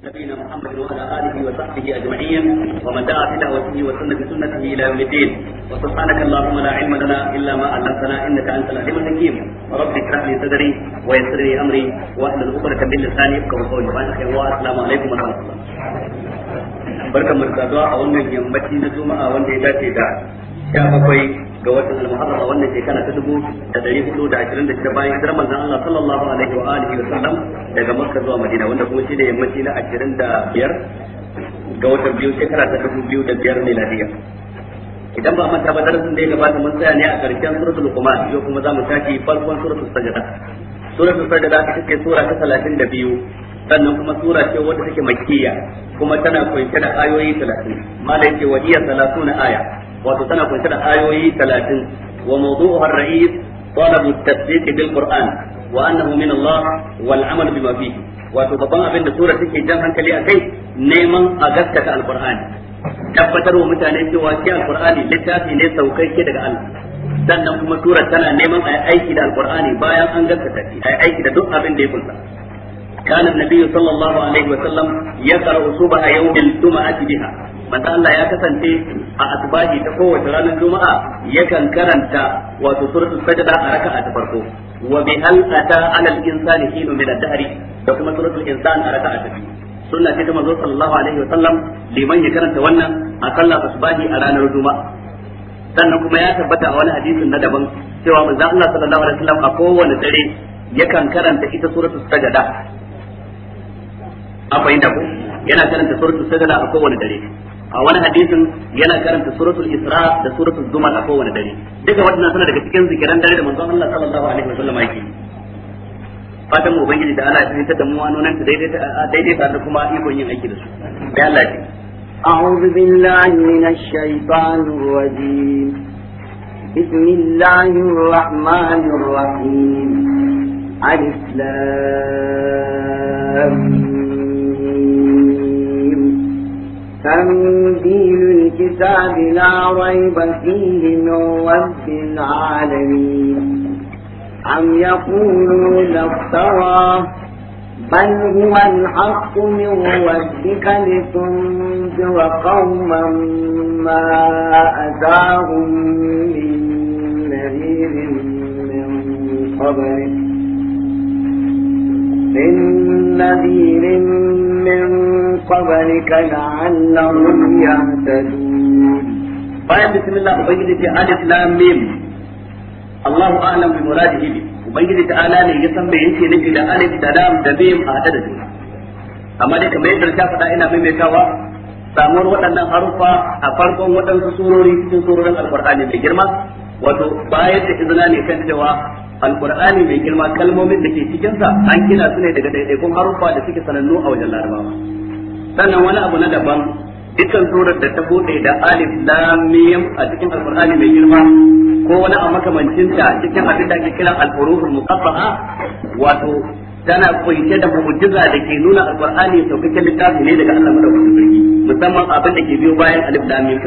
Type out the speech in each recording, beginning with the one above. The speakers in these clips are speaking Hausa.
نبينا محمد وعلى اله وصحبه اجمعين ومن دعا بدعوته وسن بسنته الى يوم الدين وسبحانك اللهم لا علم لنا الا ما علمتنا انك انت العليم الحكيم رب اشرح لي صدري ويسر لي امري واحلل عقدة من لساني يفقهوا قولي بارك الله السلام عليكم ورحمه الله barkan mu da a wannan yammaci na juma'a wanda ya dace da sha bakwai ga watan al-muharram wannan shekara ta dubu da dari hudu da ashirin da shida bayan hijirar manzon Allah sallallahu alaihi wa alihi wa sallam daga Makka zuwa Madina wanda kuma shi da yammaci na ashirin da biyar ga watan biyu shekara ta dubu biyu da biyar miladiya idan ba manta ba darasin da ya gabata mun tsaya ne a karshen suratul Luqman yau kuma za mu tashi farkon suratul Sajda suratul Sajda ita ce sura ta talatin da biyu sannan kuma sura ce wadda take makkiya kuma tana kunshe da ayoyi talatin malai ce wahiya na aya wato tana kunshe da ayoyi talatin wa mawdu'uha ar-ra'is talabu at-tasdiq bil Qur'an wa annahu min Allah wal 'amal bima fihi wato babban abin da sura take jan hankali akai neman a gaskata al-Qur'ani tabbatar wa mutane cewa shi al-Qur'ani littafi ne saukakke daga Allah sannan kuma sura tana neman a aiki da al-Qur'ani bayan an gaskata shi aiki da duk abin da ya kunsa كان النبي صلى الله عليه وسلم يقرأ صبح يوم الجمعة بها manzo Allah ya kasance a asubahi ta kowace ranar juma'a yakan karanta wato suratul sajda a raka'a ta farko wa bi hal ata alal insani hinu min ad-dahri da kuma suratul insan a raka'a ta biyu sunna ce ta manzo sallallahu alaihi wa sallam liman ya karanta wannan a sallar asbahi a ranar juma'a sannan kuma ya tabbata a wani hadisin na daban cewa manzo Allah sallallahu alaihi wa sallam a kowane dare yakan karanta ita suratul sajda a fahimta ko yana karanta suratul sajda a kowane dare a wani hadisin yana karanta suratul isra da suratul zumar a kowane dare duka waɗannan suna daga cikin zikiran dare da manzon Allah sallallahu alaihi sallam yake fatan mu ubangiji da Allah ya fahimta da mu wannan ta daidai daidai ta da kuma ikon yin aiki da su da Allah ya أعوذ بالله من الشيطان الرجيم بسم الله الرحمن الرحيم الإسلام تنزيل الكتاب لا ريب فيه من رب العالمين أم يقولون افتراه بل هو الحق من ربك لتنذر قوما ما أتاهم من نذير من قبلك من نذير قبلك لعلهم يهتدون bayan bismillah ubangiji ce alif lam mim Allahu a'lam bi muradihi bi ubangiji ta'ala ne ya san me yake nufi da alif da أما da mim a hada da مكاوة amma dai kamar ta samuwar waɗannan harufa a farkon waɗansu surori cikin surorin alqur'ani mai girma wato bayan da izina ne kan cewa alƙur'ani mai girma kalmomin da ke cikinsa an gina su ne daga ɗaiɗaikun harufa da suke sanannu a wajen larabawa sannan wani abu na daban dukkan surar da ta bude da alif lam mim a cikin alqur'ani mai girma ko wani a makamancin ta cikin abin da ake kira al-furuhul muqatta'a wato tana kunshe da mu'jiza da ke nuna alqur'ani saukakken littafi ne daga Allah madaukakin sarki musamman abin da ke biyo bayan alif lam mim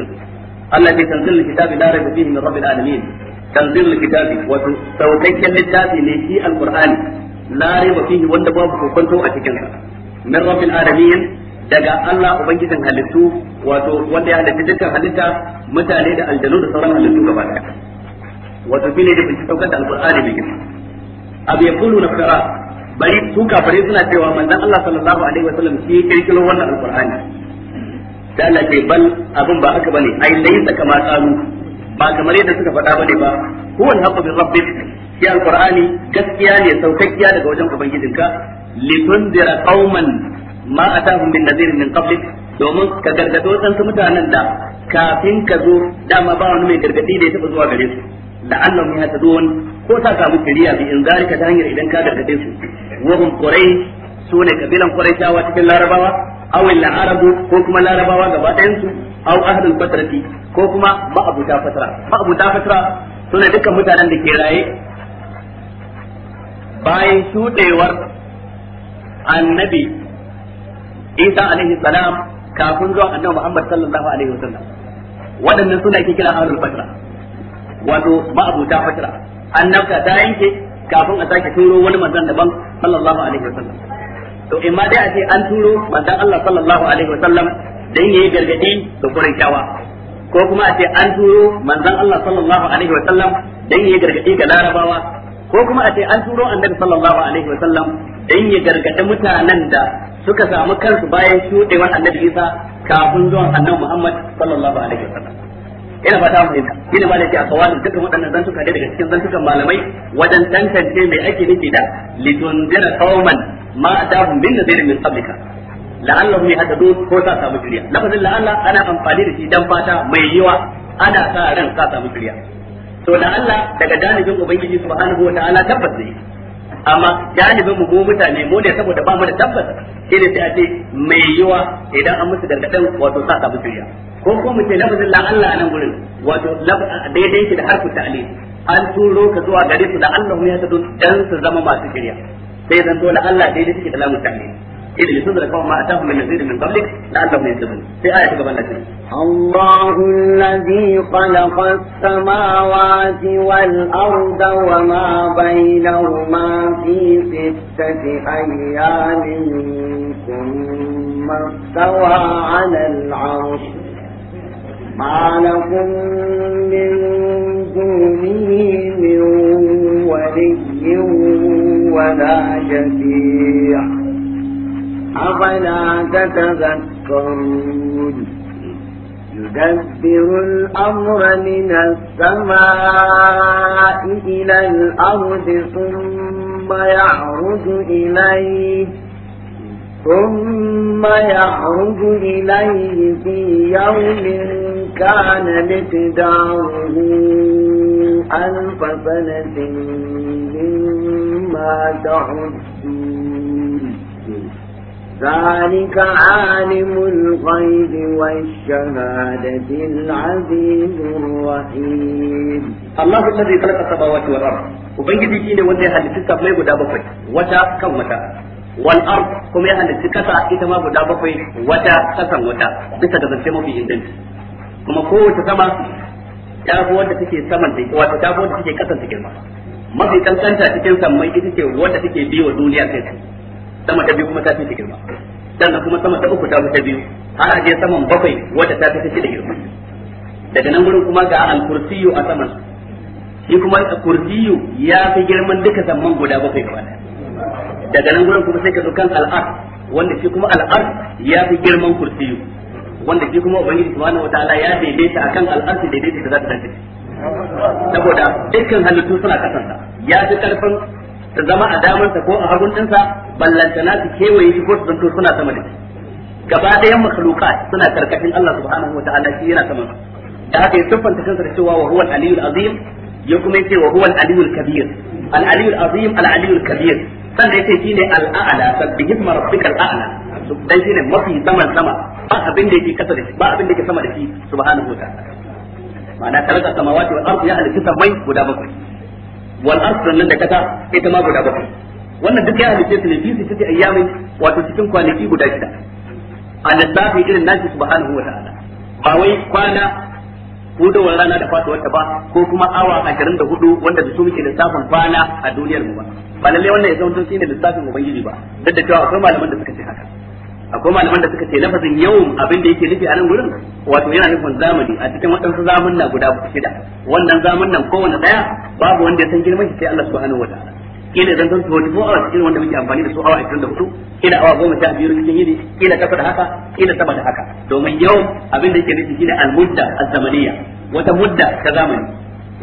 Allah ya tanzil kitabi la raiba fihi min rabbil alamin tanzil kitabi wato saukakken littafi ne shi alqur'ani la raiba fihi wanda babu kokonto a cikin sa min rabbil alamin daga Allah ubangijin halittu wato wanda ya halitta dukkan halitta mutane da aljanu da sauran halittu gaba daya wato ne da bincike daukar da alqur'ani bi kin abu ya na fara bari su kafare suna cewa manzon Allah sallallahu alaihi wasallam shi ya kirkiro wannan alqur'ani da Allah ke bal abin ba haka bane ai laysa kama qalu ba kamar yadda suka faɗa bane ba huwa haqqu bi rabbik shi alqur'ani gaskiya ne saukakkiya daga wajen ubangijinka litundira qauman ma atahum bin nadhir min kafin domin ka gargado san su mutanen da kafin ka zo dama ba wani mai gargadi da ya taɓa zuwa gare su da Allah ya ta duwan ko ta samu kiriya bi in ka ta hanyar idan ka gargade su wahun kurai su ne kabilan shawa cikin larabawa awin al arabu ko kuma larabawa gaba ɗayansu au aw fatarati ko kuma ma'abuta fatara ma'abuta su ne dukkan mutanen da ke raye bayan shuɗewar annabi Isa alaihi salam kafin zuwa annabi Muhammad sallallahu alaihi wasallam waɗannan suna ake kira ahlul fatra wato ma'abuta fatra annabta ta yanke kafin a sake turo wani manzon daban sallallahu alaihi wasallam to in ma dai a ce an turo manzon Allah sallallahu alaihi wasallam dan yayi gargadi ga Qurayshawa ko kuma a ce an turo manzon Allah sallallahu alaihi wasallam dan yayi gargadi ga Larabawa ko kuma a ce an turo annabi sallallahu alaihi wasallam dan ya gargadi mutanen da suka samu kansu bayan shudewar annabi Isa kafin zuwan annabi Muhammad sallallahu alaihi wasallam ina fata mu fahimta ina ba da ke akawalin dukkan waɗannan zantuka ne daga cikin zantukan malamai wajen tantance mai ake nufi da litundira qauman ma atahum bin nadirin min qablika la'allahum yahtadun ko sa samu juriya lafazin la'alla ana amfani da shi dan fata mai yiwa ana sa ran sa samu juriya to la'alla daga janibin ubangiji subhanahu wa ta'ala tabbas ne amma galibin mu mu mutane mu ne saboda ba mu da tabbata shi ne sai a ce mai yiwa idan an musu gargadin wato sa ta buturiya ko ko mu ce lafazin la Allah a nan gurin wato daidai shi da harfu ta'lil an turo ka zuwa gare su da Allah ya ta dan su zama masu shirya sai zan dole Allah daidai shi da lamu ta'lil إذ لتنذر قوم ما أتاهم من نذير من قبلك لعلهم يهتدون في آية قبل لكن الله الذي خلق السماوات والأرض وما بينهما في ستة أيام ثم استوى على العرش ما لكم من دونه من ولي ولا شفيع أفلا تتذكرون يدبر الأمر من السماء إلى الأرض ثم يعرج إليه ثم يعرج إليه في يوم كان مقداره ألف سنة مما تعدون ذلك عالم الغيب والشهادة العزيز الرحيم الله الذي خلق السماوات والأرض وبنجي شيء wanda ya halitta sammai guda bakwai wata kan wata wal ard kuma ya halitta kasa ita ma guda bakwai wata kasan wata bisa da zance mafi inganci kuma kowace sama ta wanda take saman ta wato ta fi wanda take kasan ta girma mafi kankanta cikin sammai ita ce wanda take biyo duniya kai sama ta biyu kuma ta fi girma sannan kuma sama ta uku ta fi biyu har a je saman bakwai wata ta fi da girma daga nan gurin kuma ga al-kursiyyu a saman shi kuma kursiyyu ya fi girman duka saman guda bakwai gaba daga nan gurin kuma sai ka zo kan al-arsh wanda shi kuma al-arsh ya fi girman kursiyyu wanda shi kuma ubangiji subhanahu wataala ya daidaita akan al-arsh daidaita da za ta saboda dukkan halittu suna kasanta ya fi karfin ta zama a damansa ko a hagun ɗinsa ballantana su kewaye shi ko su zanto suna sama da shi gaba ɗayan makhluqat suna karkashin Allah subhanahu wataala shi yana sama da haka ya siffanta kansa da cewa wa huwal aliyul azim ya kuma yace wa huwal aliyul kabir al aliyul azim al aliyul kabir sannan yace ne al a'la sabbihisma rabbikal a'la dan shi ne mafi saman sama ba abin da yake kasa da shi ba abin da yake sama da shi subhanahu wataala ma'ana taraka samawati wal ardi ya halitta mai guda bakwai wal asr nan da kasa ita ma guda bakwai wannan duk ya halice su ne fi su cikin ayyami wato cikin kwanaki guda shida a lissafi irin nashi subhanahu wata'ala ta'ala ba wai kwana hudowar rana da faduwar ta ba ko kuma awa da 24 wanda da su muke lissafin kwana a duniyar mu ba ba lallai wannan ya zama shi ne lissafin ubangiji ba duk da cewa akwai malaman da suka ce haka akwai malaman da suka ce lafazin yawm abin da yake nufi a nan gurin wato yana nufin zamani a cikin waɗansu zamun na guda shida wannan zamun nan kowane daya babu wanda ya san girman shi sai Allah subhanahu wataala kila zan san 24 hours irin wanda muke amfani da su awa 24 kila awa goma sha biyu cikin yini kila kafa da haka kila saba da haka domin yau abin da yake nufi shine al-mudda az-zamaniyya wata mudda ta zamani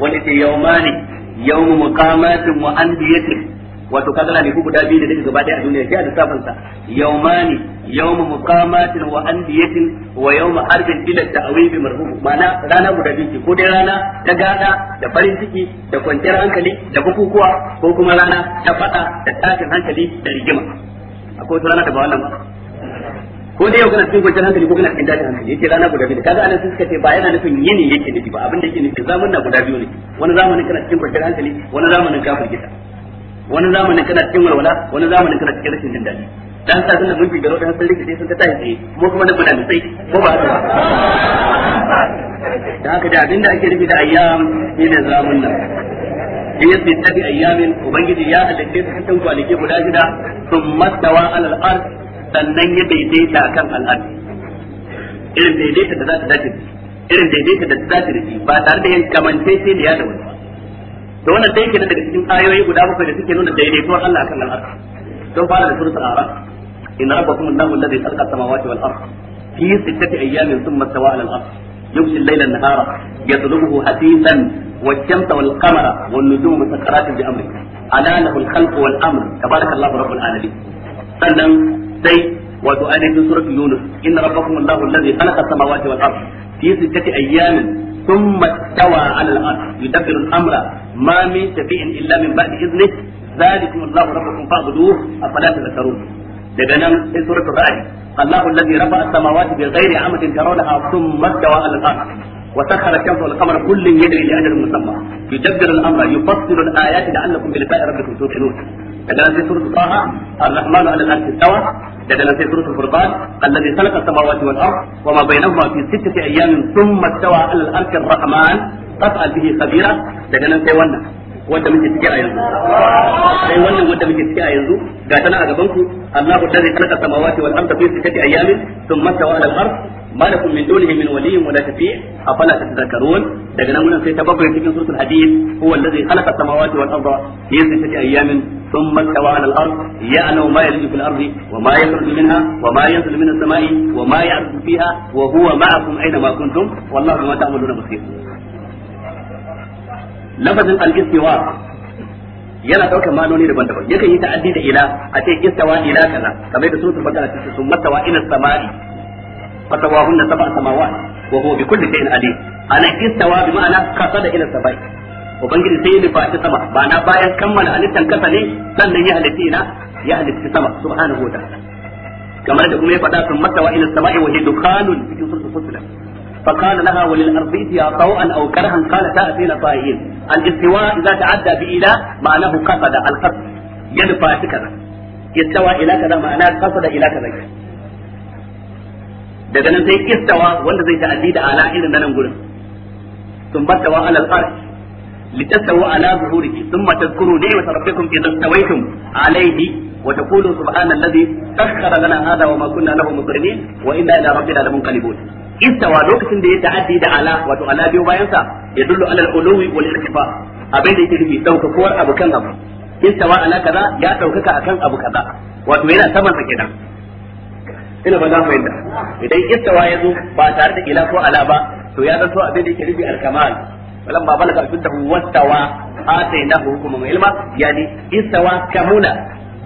wanda ke yawmani yawmu muqamatin wa andiyatin wato kaga na ku guda biyu da duka gaba daya a duniya sai da safan sa yawmani yawmu muqamatin wa andiyatin wa yawmu harbin ila ta'wib marhum mana rana guda biyu ko dai rana ta gada da farin ciki da kwanciyar hankali da bukukuwa ko kuma rana ta fada da tashin hankali da rigima akwai wata rana da ba wannan ba ko dai yau kana cikin kwanciyar hankali ko kana cikin tashin hankali yace rana guda biyu kaga anan sun suka ce ba yana nufin yini yake nufi ba abin da yake nufi zamanin guda biyu ne wani zamanin kana cikin kwanciyar hankali wani zamanin kafir gida wani zamanin kana cikin walwala wani zamanin kana cikin rashin jin daɗi dan sa sun mun bigaro dan sarki sai sun ta tashi tsaye mu kuma da bada sai ko ba haka da haka da abinda ake nufi da ayyam ne zamun nan da ya sai tabi ayyamin ubangiji ya halitta su cikin kwalike guda shida sun mastawa alal ard sannan ya daidaita kan al'ad irin daidaita da za ta dace irin daidaita da za ta dace ba tare da yin kamantacce da ya da wani ba to wannan dai kenan daga cikin ayoyi guda bakwai da suke nuna daidaituwar Allah akan al'arsh don fara da suratul a'raf inna rabbakum allahu alladhi khalaqa samawati wal ardh fi sittati ayyamin thumma istawa 'ala al-'arsh يغشي الليل النهار يطلبه حثيثا والشمس والقمر والنجوم مسخرات بأمره ألا له الخلق والأمر تبارك الله رب العالمين sannan sai wato ainihin suratul yunus inna rabbakum allahu alladhi khalaqa samawati wal ardh fi sittati ثم استوى على الأرض يدبر الأمر ما من شفيع إلا من بعد إذنه ذلكم الله ربكم فاعبدوه أفلا تذكرون daga nan sai suratul ra'd Allahu alladhi rafa'a as-samawati bighairi 'amadin tarawnaha thumma istawa 'ala al-'arsh wa sakhkhara ash-shamsa wal-qamara kullun yajri li ajalin musamma yudabbiru al-amra yufassilu al-ayati la'allakum bi liqa'i rabbikum tuqinun daga nan sai suratul taha ar-rahman ala al-arsh istawa daga nan sai suratul furqan alladhi khalaqa as-samawati wal ard wa ma bainahuma fi sittati ayyamin thumma istawa ala al-arsh ar-rahman fas'al bihi khabira daga nan sai wannan wanda muke ciki a yanzu sai wannan wanda muke ciki a yanzu ga tana a gaban ku malakum min dunihi min waliyyin wala shafi' afala tatadhakkarun daga nan gurin sai ta bakwai cikin suratul hadid huwa allazi khalaqa samawati wal arda fi sittati ayamin thumma istawa 'ala al-ard ya'lamu ma yalju fil ardi wa ma yakhruju minha wa ma yanzilu min samai wa ma ya'ruju fiha wa huwa ma'akum aina yana ɗaukar manoni daban-daban yakan yi ta'addi da ila a ce istawa ila kaza kamar da sun baqara ta ce sun tawa ina samai فسواهن سبع سماوات وهو بكل شيء عليم انا استوى بمعنى السماء sai ya sama ba na bayan kammala halittan kasa ne sannan ya halitti na ya halitti sama subhanahu wa ta'ala kamar da kuma ya faɗa sun matawa ila sama'i wa hiya dukhanun cikin surtu fusilat fa laha wa lil ya taw'an aw karhan qala ta'tina ta'iyin al istiwa idza ta'adda ma'anahu ila ma'ana ila daga nan sai istawa wanda zai ta'addi da ala irin nan gurin sun wa alal arsh litastawu ala zuhurihi thumma tadhkuru wa rabbikum idza stawaytum alayhi wa taqulu subhana alladhi sakhkhara lana hadha wa ma kunna lahu muqrinin wa inna ila rabbina lamunqalibun istawa lokacin da ya ta'addi da ala wato ala biyo bayan sa yadullu ala al-ulwi wal irtifa abin da yake nufi daukakowar abu kan abu istawa ala kaza ya daukaka akan abu kaza wato yana saman sa kenan ina ba za mu yadda idan istawa ya zo ba tare da ila ko ala ba to ya zanto abin da yake nufi al-kamal falan ba balaga alfidahu wastawa atainahu hukman ilma yani istawa kamuna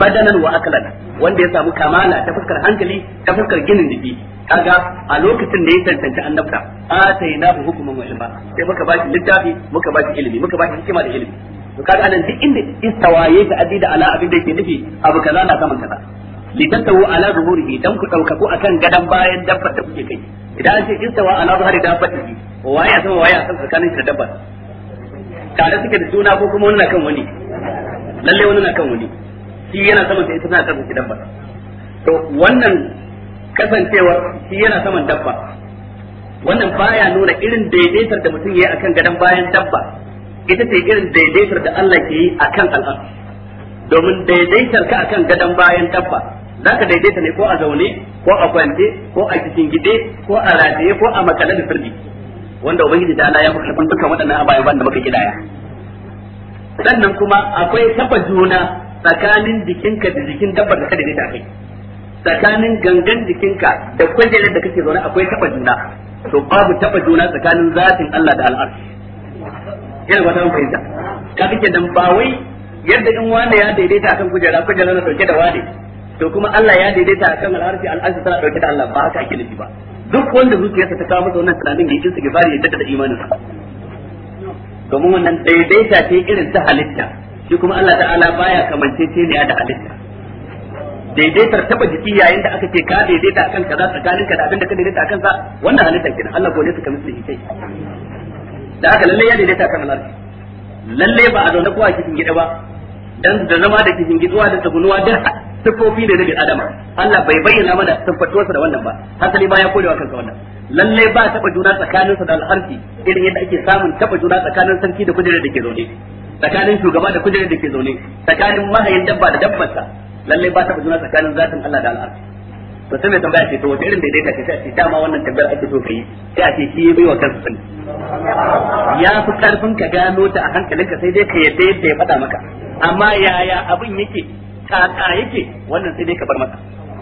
badanan wa aklan wanda ya samu kamala ta fuskar hankali ta fuskar ginin jiki kaga a lokacin da ya tantance annabta atainahu hukman wa ilma sai muka ba shi littafi muka ba shi ilimi muka ba shi hikima da ilimi to kaga anan duk inda istawa ya ta'addi da ala abin da yake nufi abu kaza na saman kaza litattawu ala zuhurihi dan ku daukaku akan gadan bayan dabbar da kuke kai idan an ce istawa ala zuhari dabbatihi waye a sama waye a sama tsakanin shi da dabbar tare suke da juna ko kuma wani na kan wani lalle wani na kan wani shi yana sama sai ita tana kan dabbar to wannan kasancewar shi yana saman dabba wannan baya nuna irin daidaitar da mutum yayi akan gadan bayan dabba ita ce irin daidaitar da Allah ke yi akan al'am domin daidaitar ka akan gadan bayan dabba za ka daidaita ne ko a zaune ko a kwance ko a cikin gide ko a rataye ko a makale da firgi wanda ubangiji ta ya kuka kun dukkan waɗannan ababen da muka kidaya sannan kuma akwai taba juna tsakanin jikinka da jikin dabbar da ka daidaita kai tsakanin gangan jikinka da kujerar da kake zaune akwai taba juna to babu taba juna tsakanin zatin Allah da al'arshi ina ba ta fahimta ka kike dan ba wai yadda in wanda ya daidaita akan kujera kujera na dauke da wani to kuma Allah ya daidaita akan al'arfi al'arfi tana ɗauke da Allah ba haka ake nufi ba duk wanda zuciyarsa ta kawo masa wannan tunanin ya kinsa gibari ya daddada da imanin sa domin wannan daidaita ce irin ta halitta shi kuma Allah ta'ala baya kamanceceniya da halitta daidaitar taba jiki yayin da aka ce ka daidaita akan kaza tsakaninka da abin da ka daidaita akan sa wannan halitta kenan Allah gode su ka suka misli kai. da aka lalle ya daidaita akan al'arfi lalle ba a zaune kowa cikin gida ba dan da zama da kishin gizuwa da tsugunuwa da sifofi ne na bin adama Allah bai bayyana mana siffatuwarsa da wannan ba hasali ba ya kodewa kansa wannan lallai ba taba juna tsakanin sa da alharfi irin yadda ake samun taba juna tsakanin sarki da kujerar da ke zaune tsakanin shugaba da kujerar da ke zaune tsakanin mahayin dabba da dabbarsa lallai ba taba juna tsakanin zatin Allah da alharfi to sai mai tambaya ce to wace irin daidaita ce sai a dama wannan tambayar ake so kai sai a ce shi ya bai wa kansa sani ya fi karfin ka gano ta a hankalinka sai dai ka yadda yadda ya faɗa maka amma yaya abin yake kaka yake wannan sai dai ka bar masa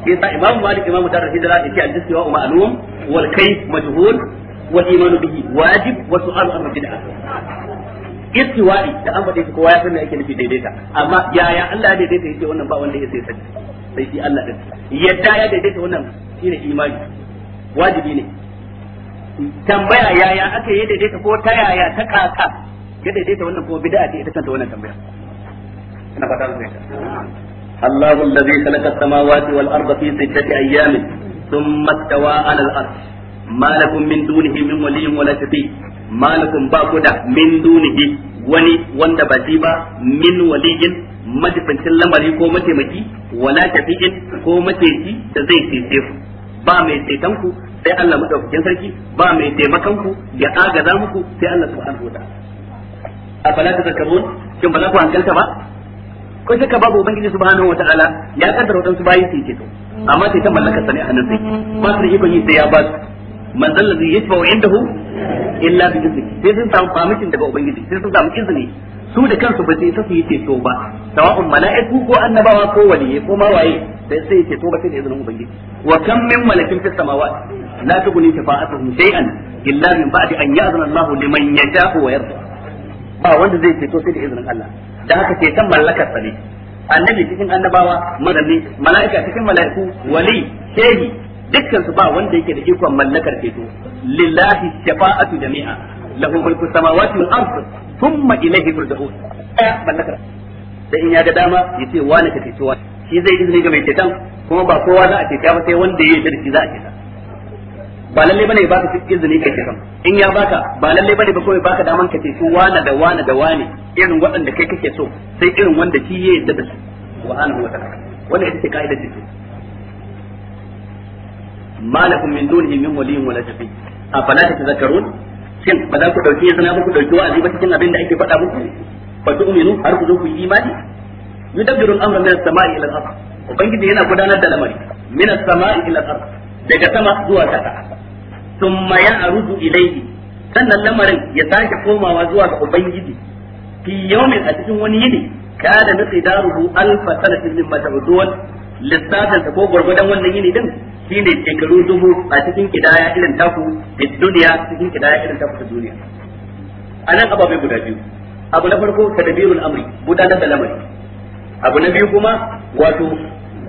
sai sa imamu malik imamu dar hijra yake al-jismi wa ma'lum wal kai majhul wal iman bihi wajib wa su'al an bid'a istiwa'i da an bade shi kowa ya san me ake nufi daidaita amma yaya Allah ya daidaita yake wannan ba wanda ya sai sai sai shi Allah din yadda ya daidaita wannan shine imani wajibi ne tambaya yaya aka yi daidaita ko ta yaya ta kaka ya daidaita wannan ko bid'a ce ita kanta wannan tambaya ina fata zai fahimta الله الذي خلق السماوات والأرض في ستة أيام ثم استوى على الأرض ما لكم من دونه من ولي ولا شفيع ما لكم باكدا من دونه وني وند بجيبا من ولي lamari ko mataimaki wala shafi'in ko mataimaki da zai cece ku sai Allah madaukakin sarki ba mai ya agaza muku sai Allah subhanahu wa ta'ala kin ba za ku hankalta ba ko shakka babu ubangiji subhanahu wataala ya kaddara wadansu bayi su yi to amma sai ta mallaka sani a hannun sai ba su yi ikon yi sai ya ba su man zalla zai yashfa wa indahu illa bi izni sai sun samu famikin daga ubangiji sai sun samu izini su da kansu ba sai ta su yi ceto ba sawa'un mala'iku ko annabawa ko waliyyi ko ma waye sai sai yi ceto ba sai da izinin ubangiji wa kam min malakin fis samawati la tughni shafa'atuhum shay'an illa min ba'di an ya'zana Allahu liman yasha'u wa yarda ba wanda zai ceto sai da izinin Allah da haka ce san mallakar sa ne annabi cikin annabawa manzanni mala'ika cikin mala'iku wali shehi dukkan su ba wanda yake da ikon mallakar ceto lillahi shafa'atu jami'a lahu mulku samawati wal ard thumma ilayhi turja'un Ya mallakar da in ya ga dama yace wani ka ceto shi zai izini ga mai ceton kuma ba kowa za a ta ba sai wanda ya yi da shi za a ba lalle bane baka cikin izini kai kiran in ya baka ba lalle bane ba kawai baka daman ka ce su wane da wani da wane irin waɗanda kai kake so sai irin wanda shi ya yadda da su subhanahu wa ta'ala wannan ita ce kaidar da malakum min dunihi min waliyyin wala shafi a fala ta tazakkarun shin ba za ku dauki yana ba ku dauki wa'azi ba cikin abin da ake faɗa muku fa tu'minu har ku zo ku yi imani yudabbirul amra min as-sama'i ila al ardh ubangiji yana gudanar da lamari min as-sama'i ila al ardh daga sama zuwa ƙasa thumma ya'rudu ilayhi sannan lamarin ya sake komawa zuwa ga ubangiji fi yawmin a cikin wani yini kada na tsidaruhu alfa sanatin min mata'udun lissafin ta ko gwargwadon wannan yini din shine shekaru dubu a cikin kidaya irin taku da duniya cikin kidaya irin taku ta duniya a nan ababai guda biyu abu na farko tadbirul amri gudanar da lamari abu na biyu kuma wato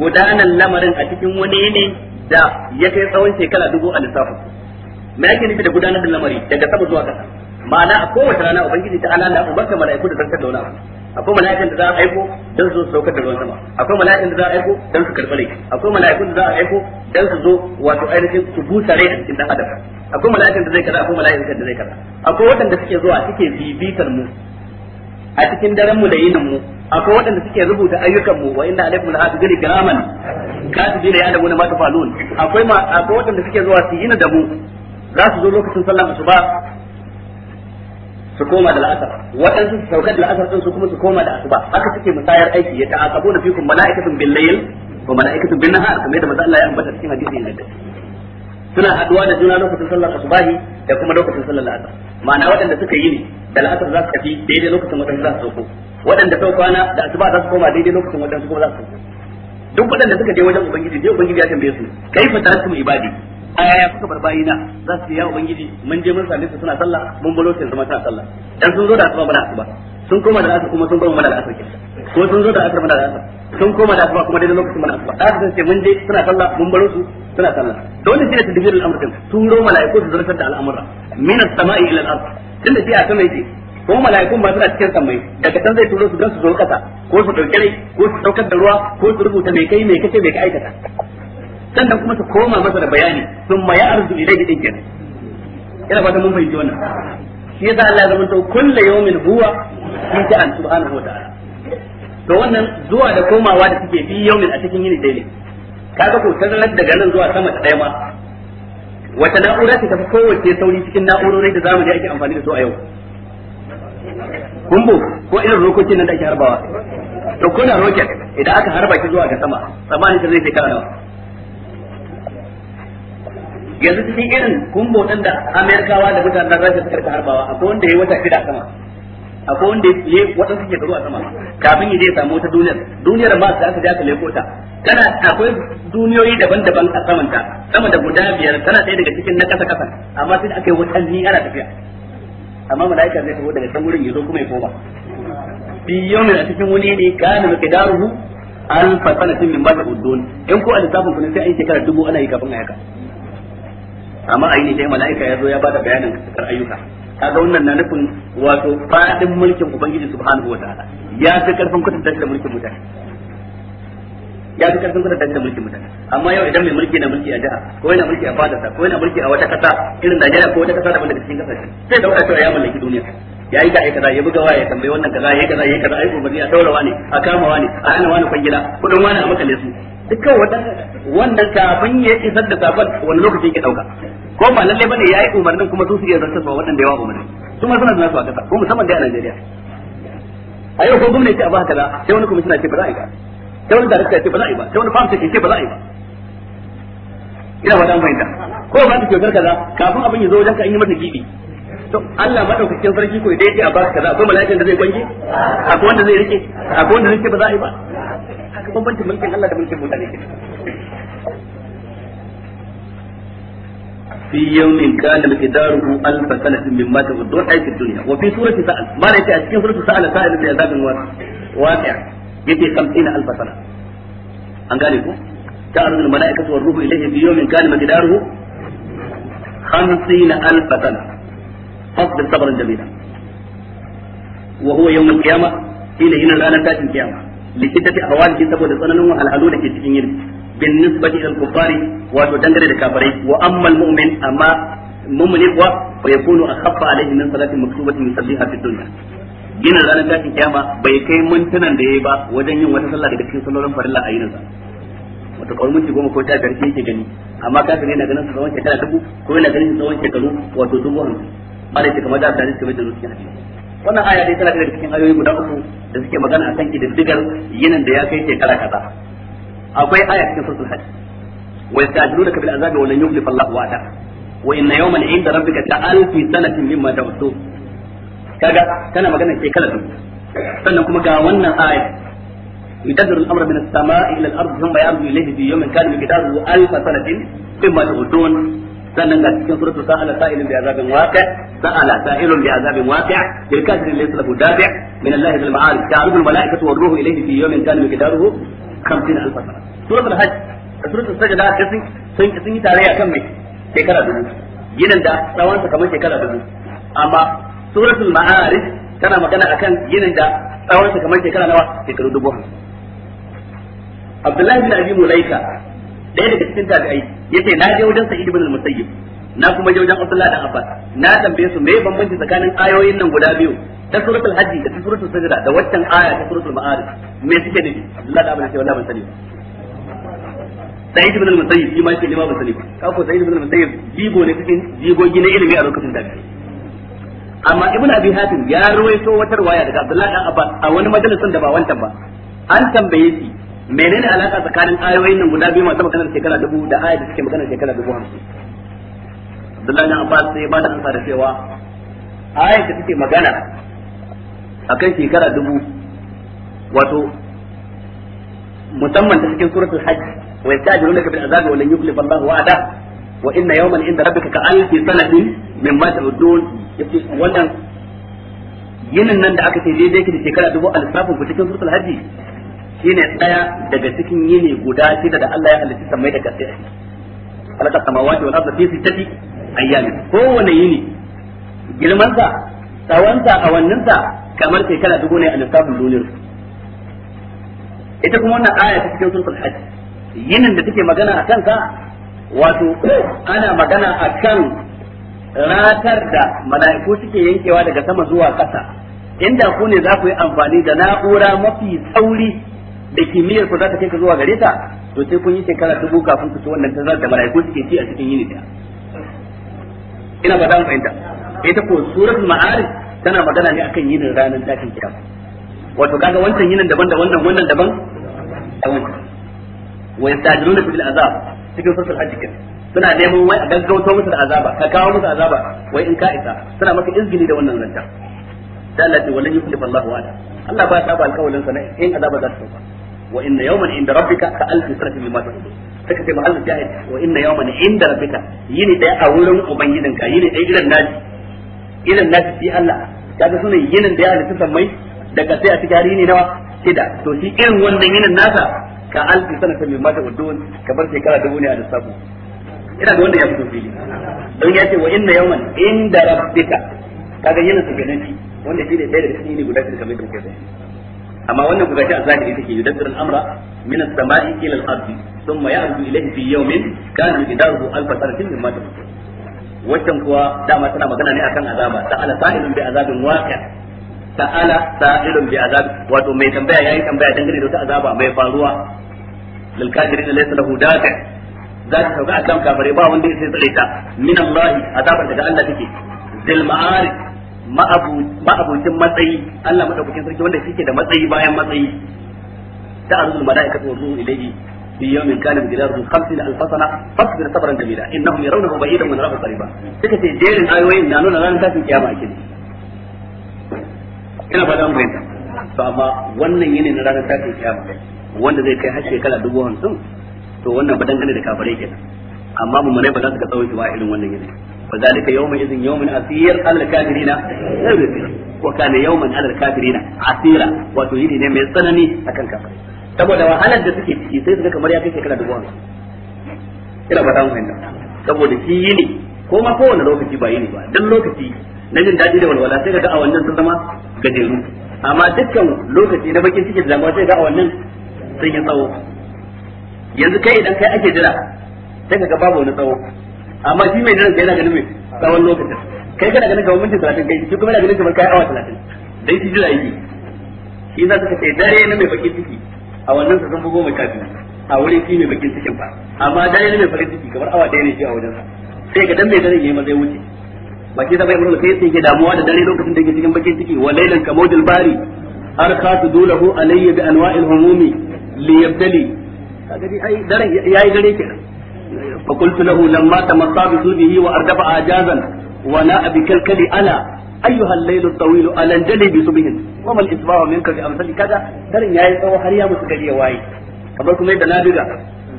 gudanar lamarin a cikin wani yini da ya kai tsawon shekara dubu a lissafin me yake nufi da gudanar da lamari daga sama zuwa kasa ma'ana a kowace rana ubangiji ta ala na umarta mala'iku da zartar da wani abu akwai mala'ikan da za a aiko dan su saukar da ruwan sama akwai mala'ikan da za a aiko dan su karbale akwai mala'ikun da za a aiko dan su zo wato ainihin su busa rai a cikin dan adam akwai mala'ikan da zai kaza akwai mala'ikan da zai kaza akwai waɗanda suke zuwa suke bibitar mu a cikin daren mu da yinin mu akwai waɗanda suke rubuta ayyukan mu wa inna alaikum lahafizina kiraman adamu na ma tafalun akwai akwai waɗanda suke zuwa su yina da mu za su zo lokacin sallar ba su koma da la'asar waɗansu su sauka da la'asar ɗin su kuma su koma da asuba haka suke musayar aiki ya ta'aqabuna fikum mala'ikatun bil layl wa mala'ikatun bin nahar kamar yadda manzo Allah ya ambata cikin hadisi ne da suna haduwa da juna lokacin sallar asubahi da kuma lokacin sallar la'asar ma'ana waɗanda suka yi ne da la'asar za su tafi daidai lokacin waɗanda za su sauko waɗanda sau kwana da asuba za su koma daidai lokacin waɗanda kuma za su sauko duk waɗanda suka je wajen ubangiji je ubangiji ya tambaye su kaifa taraktum ibadi aya kuka bar bayina za su ya ubangiji mun je mun same su suna sallah mun balo sai zama suna sallah dan sun zo da asuba bana asuba sun koma da asuba kuma sun bar mana da asuba ko sun zo da asuba bana asuba sun koma da asuba kuma dai lokacin mana asuba da sun ce mun je suna sallah mun balo su suna sallah da wannan shine tadbirul amr din turo malaiku su zartar da al'amura min as-sama'i ila al-ard tunda sai a sama yake ko mala'ikun ba suna cikin sammai daga can zai turo su don su zo kasa ko su dauke rai ko su daukar da ruwa ko su rubuta mai kai mai kace mai ka aikata sannan kuma su koma masa da bayani sun ma ya arzu ilai din ɗinkin ina fata mun fahimci wannan shi yasa Allah ya zama to kulle yawmin huwa fi ta'an subhanahu wa ta'ala to wannan zuwa da komawa da suke bi yawmin a cikin yini dai ne kaga ko tazarar daga nan zuwa sama ta ɗaya ma wata na'ura ta tafi kowace sauri cikin na'urori da zamani ake amfani da su a yau kumbo ko irin rokokin nan da ake harbawa to kuna roket idan aka harba ki zuwa ga sama tsammanin ta zai kai kana yanzu cikin irin kumbo din da amerikawa da mutanen rasha rashin rika harbawa akwai wanda ya yi wata shida sama akwai wanda ya yi waɗansu ke a sama kafin ya je ya samu wata duniyar duniyar ma da aka je aka lekota ta tana akwai duniyoyi daban-daban a samanta sama da guda biyar tana ɗaya daga cikin na kasa kasa amma sai da aka yi wata ni ana tafiya amma mala'ika zai tafi daga can wurin ya zo kuma ya koma biyu yawmin a cikin wani ne kana miqdaruhu alfa sanatin min ba ba'da ne in ko a lissafin kun sai an shekara dubu ana yi kafin a yaka amma a yi ne mala'ika ya zo ya bada bayanin kasar ayyuka kaga wannan na nufin wato fadin mulkin ubangiji subhanahu wa ta'ala ya fi karfin kudin tashi da mulkin mutane ya fi karfin kudin tashi da mulkin mutane amma yau idan mai mulki na mulki a jiha ko yana mulki a fadarsa ko yana mulki a wata kasa irin Najeriya ko wata kasa da wanda cikin kasashe sai dauka cewa ya mallaki duniya ya yi kaza kaza ya buga waya ya tambayi wannan kaza ya yi kaza ya yi kaza yi gobe a taurawa ne a kamawa ne a ana wani kwangila kudin wani a makale su dukkan Wanda kafin ya isar da sabon wani lokaci yake dauka ko ba lalle bane yayi umarnin kuma su suke zartar ba waɗanda yawa umarni su ma suna da nasu a kasa ko musamman dai a Najeriya a yau ko gwamnati a ba kaza sai wani kuma ce ba za a yi ba sai wani darakta ce ba za a yi ba sai wani famta ce ba za a yi ba ina ba fahimta ko ba ta kyautar kaza kafin abin ya zo wajen ka an yi masa gibi to Allah madaukakin sarki ko dai ya ba kaza akwai mala'ikan da zai kwange akwai wanda zai rike akwai wanda zai ce ba za a yi ba bambancin mulkin Allah da mulkin mutane ke في يوم كان مقداره ألف سنة مما تعدون حيث الدنيا وفي سورة سأل ما رأيك أسكين سورة سأل سائل بعذاب واسع يتي خمسين ألف سنة أن قال لكم تعرض الملائكة والروح إليه في يوم كان مقداره خمسين ألف سنة فاصبر صبرا جميلا وهو يوم القيامة حين هنا الآن تأتي القيامة likitati ahwalihi saboda tsananin wahalhalu da ke cikin yin bin nisbati ilal kufari kuffari wato dangare da kafirai wa amma al-mu'min amma mu'mini kuwa fa yakunu akhaffa alayhi min salati min sabiha fi dunya gina ranar tashin kiyama bai kai mintunan da yayi ba wajen yin wata sallah daga cikin sallolin farilla a yinin sa wato kawai minti goma ko ta garke yake gani amma kafin yana ganin tsawon shekara dubu ko yana ganin tsawon shekaru wato dubu hamsin malai kamar da ta ne kamar da nusi hadisi wannan aya dai tana daga cikin ayoyi guda uku da suke magana akan kididdigar yinin da ya kai shekara kaza akwai aya cikin suratul hajj wa yastajilunaka bil azabi wa lan yukhlifa Allah wa'ada wa inna yawman 'inda rabbika ka sanatin mimma ta'uddu kaga tana magana shekara dubu sannan kuma ga wannan aya يدبر الامر من السماء الى الارض ثم يرجو اليه في يوم كان مقداره الف سنه مما تعدون sannan ga cikin suratu sa'ala sa'ilun bi azabin waqi' sa'ala sa'ilun bi azabin waqi' bil laysa lahu dafi' min Allah al mala'ikatu war ruhu ilayhi fi yawmin kana miqdaruhu 50 alf sana hajj sajda sun sun yi tarayya kan mai shekara dubu ginin da tsawon sa kamar shekara dubu amma suratul ma'arij tana magana akan ginin da tsawon sa kamar shekara nawa shekaru dubu Abdullahi bin Abi Mulaika ɗaya daga cikin tabi'ai yace na je wajen Sa'id ibn al-Musayyib na kuma je wajen abdullahi da Abbas na tambaye su me bambanci tsakanin ayoyin nan guda biyu ta suratul hajji da ta suratul sajda da waccan aya ta suratul ma'arij me suke nufi abdullahi da Abbas ya wallahi ban sani Sa'id ibn al-Musayyib shi ma yake ne ma ban sani ka ko Sa'id ibn al-Musayyib jigo ne cikin jigogi na ilimi a lokacin da amma ibn abi hatim ya ruwaito wata riwaya daga abdullahi da Abbas a wani majalisin da ba wancan ba an tambaye shi menene alaka tsakanin ayoyin nan guda biyu masu maganar shekara dubu da ayat da suke maganar shekara dubu hamsin Abdullahi na Abbas sai ba da ansa da cewa ayat da suke magana akan shekara dubu wato musamman ta cikin suratul hajj wa yastajirunaka bil azabi wa lan yukhlifa Allahu wa'ada wa inna yawman inda rabbika ka alfi sanatin mimma ta'udun yace wannan yinin nan da aka ce daidai ke da shekara dubu al ku cikin suratul hajj shine daya daga cikin yini guda shida da Allah ya halitta samai da kasai a halaka samawati wal ardi fi sittati ko kowane yini girman sa tsawon sa awannin sa kamar shekara dubu ne a lissafin duniyar ita kuma wannan aya ta cikin suratul hajj yinin da take magana akan ka, wato ana magana akan ratar da mala'iku suke yankewa daga sama zuwa ƙasa inda ku ne za ku yi amfani da na'ura mafi tsauri? da kimiyyar ku za ta kai ka zuwa gare ta to sai kun yi shekara dubu kafin ku ci wannan tazarar da mala'iku suke ci a cikin yini da ina ba za mu fahimta ita ko surat ma'arif tana magana ne akan yinin ranar dakin kiyama wato kaga wancan yinin daban da wannan wannan daban da wancan wa yastajiruna bil azab cikin sassan hajj kin suna neman wai a gaggauto musu da azaba ka kawo musu azaba wai in ka isa suna maka izgini da wannan ranta Ta Allah ce wallahi yuklifu Allahu wa'ada Allah ba ya saba alƙawarin sa in azaba za ta sauka wa inna yawman inda rabbika ka alfi sarfi mimma ta'udun suka ce mahallu shahid wa inna yawman inda rabbika yini daya a wurin ka yini dai idan naji idan naji fi Allah kaga sunan yinin da ya halitta sammai daga sai a cikin hari ne nawa shida to shi irin wannan yinin nasa ka alfi sanata mimma mata ka bar shekara dubu ne a lissafi ina da wanda ya fito fili don ya ce wa inna yawman inda rabbika kaga yinin sa kenan shi wanda shi ne ɗaya daga cikin yini guda shida kamar yadda kuke bayani amma wannan ku gashi a zahiri take yudabbiru al-amra min as-sama'i ila al-ardi thumma ya'rudu ilayhi fi yawmin kana miqdaruhu alf sanatin mimma tafsir wannan kuwa dama tana magana ne akan azaba ta'ala sa'ilun bi azabin waqi' ta'ala sa'ilun bi azab wato mai tambaya yayi tambaya dangane da wata azaba mai faruwa lil kafirin laysa lahu dafi za ta sauka akan kafare ba wanda ya sai tsare ta min Allah azabar daga Allah take zil ma'arif ma'abokin matsayi Allah mu madaukakin sarki wanda suke da matsayi bayan matsayi ta arzul mala'ika ta wuzu ilayhi bi yawmin kana jidaru 50 alfasana fasbir sabran jamila innahum yarawnahu ba'idan min ra'i ba take ce jerin ayoyin da nuna ranar tashin kiyama ke ina fata mun fahimta to amma wannan yini na ranar tashin kiyama wanda zai kai har shekara dubu hamsin to wannan ba dangane da kafirai kenan amma mu ne ba za su ga tsawon shi ba a ilin wannan yini. فذلك يوم yawma يوم yawmun على الكافرين kafirina wa kana yawman alal kafirina asira wato yini ne mai tsanani akan kafirai saboda wahalar da suke ciki sai su ga kamar ya kai shekara dubu da ina ba ta mu fahimta saboda shi yini ko ma kowane lokaci ba yini ba duk lokaci na jin daɗi da walwala sai ga a wannan sun zama gajeru amma dukkan lokaci na bakin ciki wannan yanzu kai idan kai ake jira sai ka ga babu wani tsawo amma shi mai jiran kai yana ganin mai tsawon lokacin kai kana ganin kamar minti talatin kai shi kuma yana ganin kamar kai awa talatin dai shi jira yi shi za su kace dare na mai bakin ciki a wannan sa sun bugo mai kafi a wurin shi mai bakin cikin fa amma dare na mai farin ciki kamar awa ɗaya ne shi a wajen sa sai ga dan mai daren yayi mazai wuce ba shi da bai murna sai yake damuwa da dare lokacin da yake cikin bakin ciki wa lailan kamudul bari arkatu dulahu alayya bi anwa'il humumi li yabtali kaga dai ai dare yayi dare kenan فقلت له لما تمطى بسوده وأردف أعجازا وناء بكلكل ألا أيها الليل الطويل ألا انجلي بصبه وما الإصباح منك بأمثال كذا درن يا يسوى حريا مسكري واي kamar kuma yadda na diga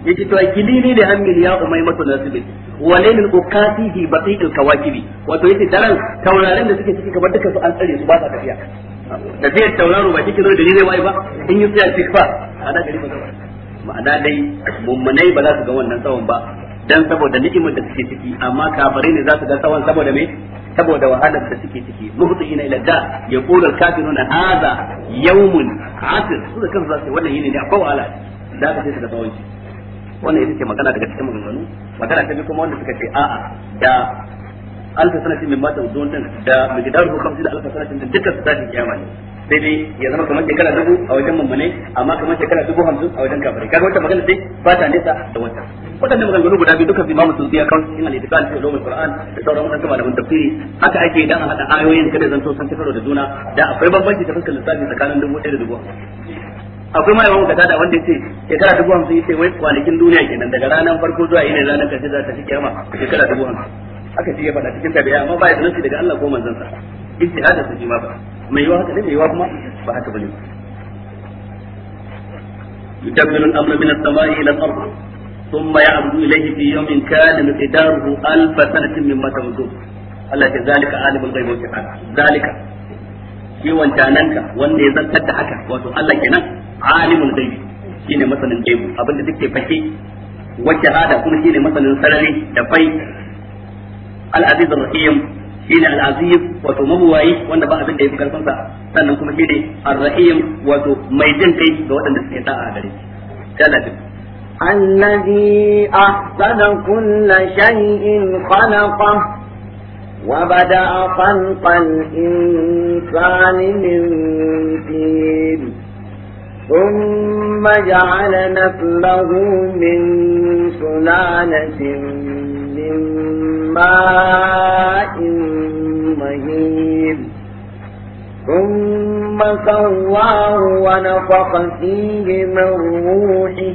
yake to kili ne da hamil ya umai mata nasibi walailin ukati batil kawakibi wato yake daren taurarin da suke ciki kamar duka su an tsare su ba sa tafiya da zai tauraro ba kike zo da ni zai wai ba in yi tsaya cikin fa ana gari ba ma'ana dai mummunai ba za su ga wannan tsawon ba dan saboda ni'imar da suke ciki amma kafirai ne za su ga tsawon saboda me saboda wahalar da suke ciki muhtu ina ila da ya qulu al-kafiruna hadha yawmun asir su da kansu za su wannan yini ne akwai wahala da ka sai su ga tsawon wannan ita ce magana daga cikin maganganu magana ta bi kuma wanda suka ce a'a da alfa sanatin min mata udun da migdaru 50 da alfa sanatin da dukkan su tashin kiyama ne sai dai ya zama kamar shekara dubu a wajen mummune amma kamar shekara dubu hamsin a wajen kafirai kaga wata magana sai ba ta nesa da wata waɗannan maganganu guda biyu dukkan imamu sun biya kan ina ne ittifaq da ulumul qur'an da sauran wannan kuma da tafsiri haka ake idan a hada ayoyin kada zanto san karo da juna da akwai bambanci ta fuskar lissafi tsakanin dubu ɗaya da dubu akwai mai wanka da wanda yace shekara dubu hamsin yace wai kwanakin duniya kenan daga ranar farko zuwa yini ranar karshe za ta fi kiyama shekara dubu hamsin aka ce ya faɗa cikin tabi'a amma ba ya sanarci daga Allah ko manzon sa ijtihada su ji ma ba mai yiwa haka ne mai yiwa kuma ba haka bane yudabbiru al-amra min as-sama'i ila al-ard thumma ya'rudu ilayhi fi yawmin kana miqdaruhu alf sanatin mimma tamuddu Allah ta zalika alimul ghaibi wa shahada zalika shi wancananka wanda ya zartar da haka wato Allah kenan alimul ghaibi shine masanin ghaibi abinda duke fake wa shahada kuma shine masanin sarari da fai al-aziz ar-rahim shi ne al'azim wato mabuwayi wanda ba abin da ya fi karfinsa sannan kuma shi ne arrahim wato mai jin kai ga waɗanda suke sa'a a gare shi talabin الذي أحسن كل شيء خلقه وبدأ خلق الإنسان من طين ثم جعل نسله من سلالة من ماء مهين ثم سواه ونفخ فيه من روحه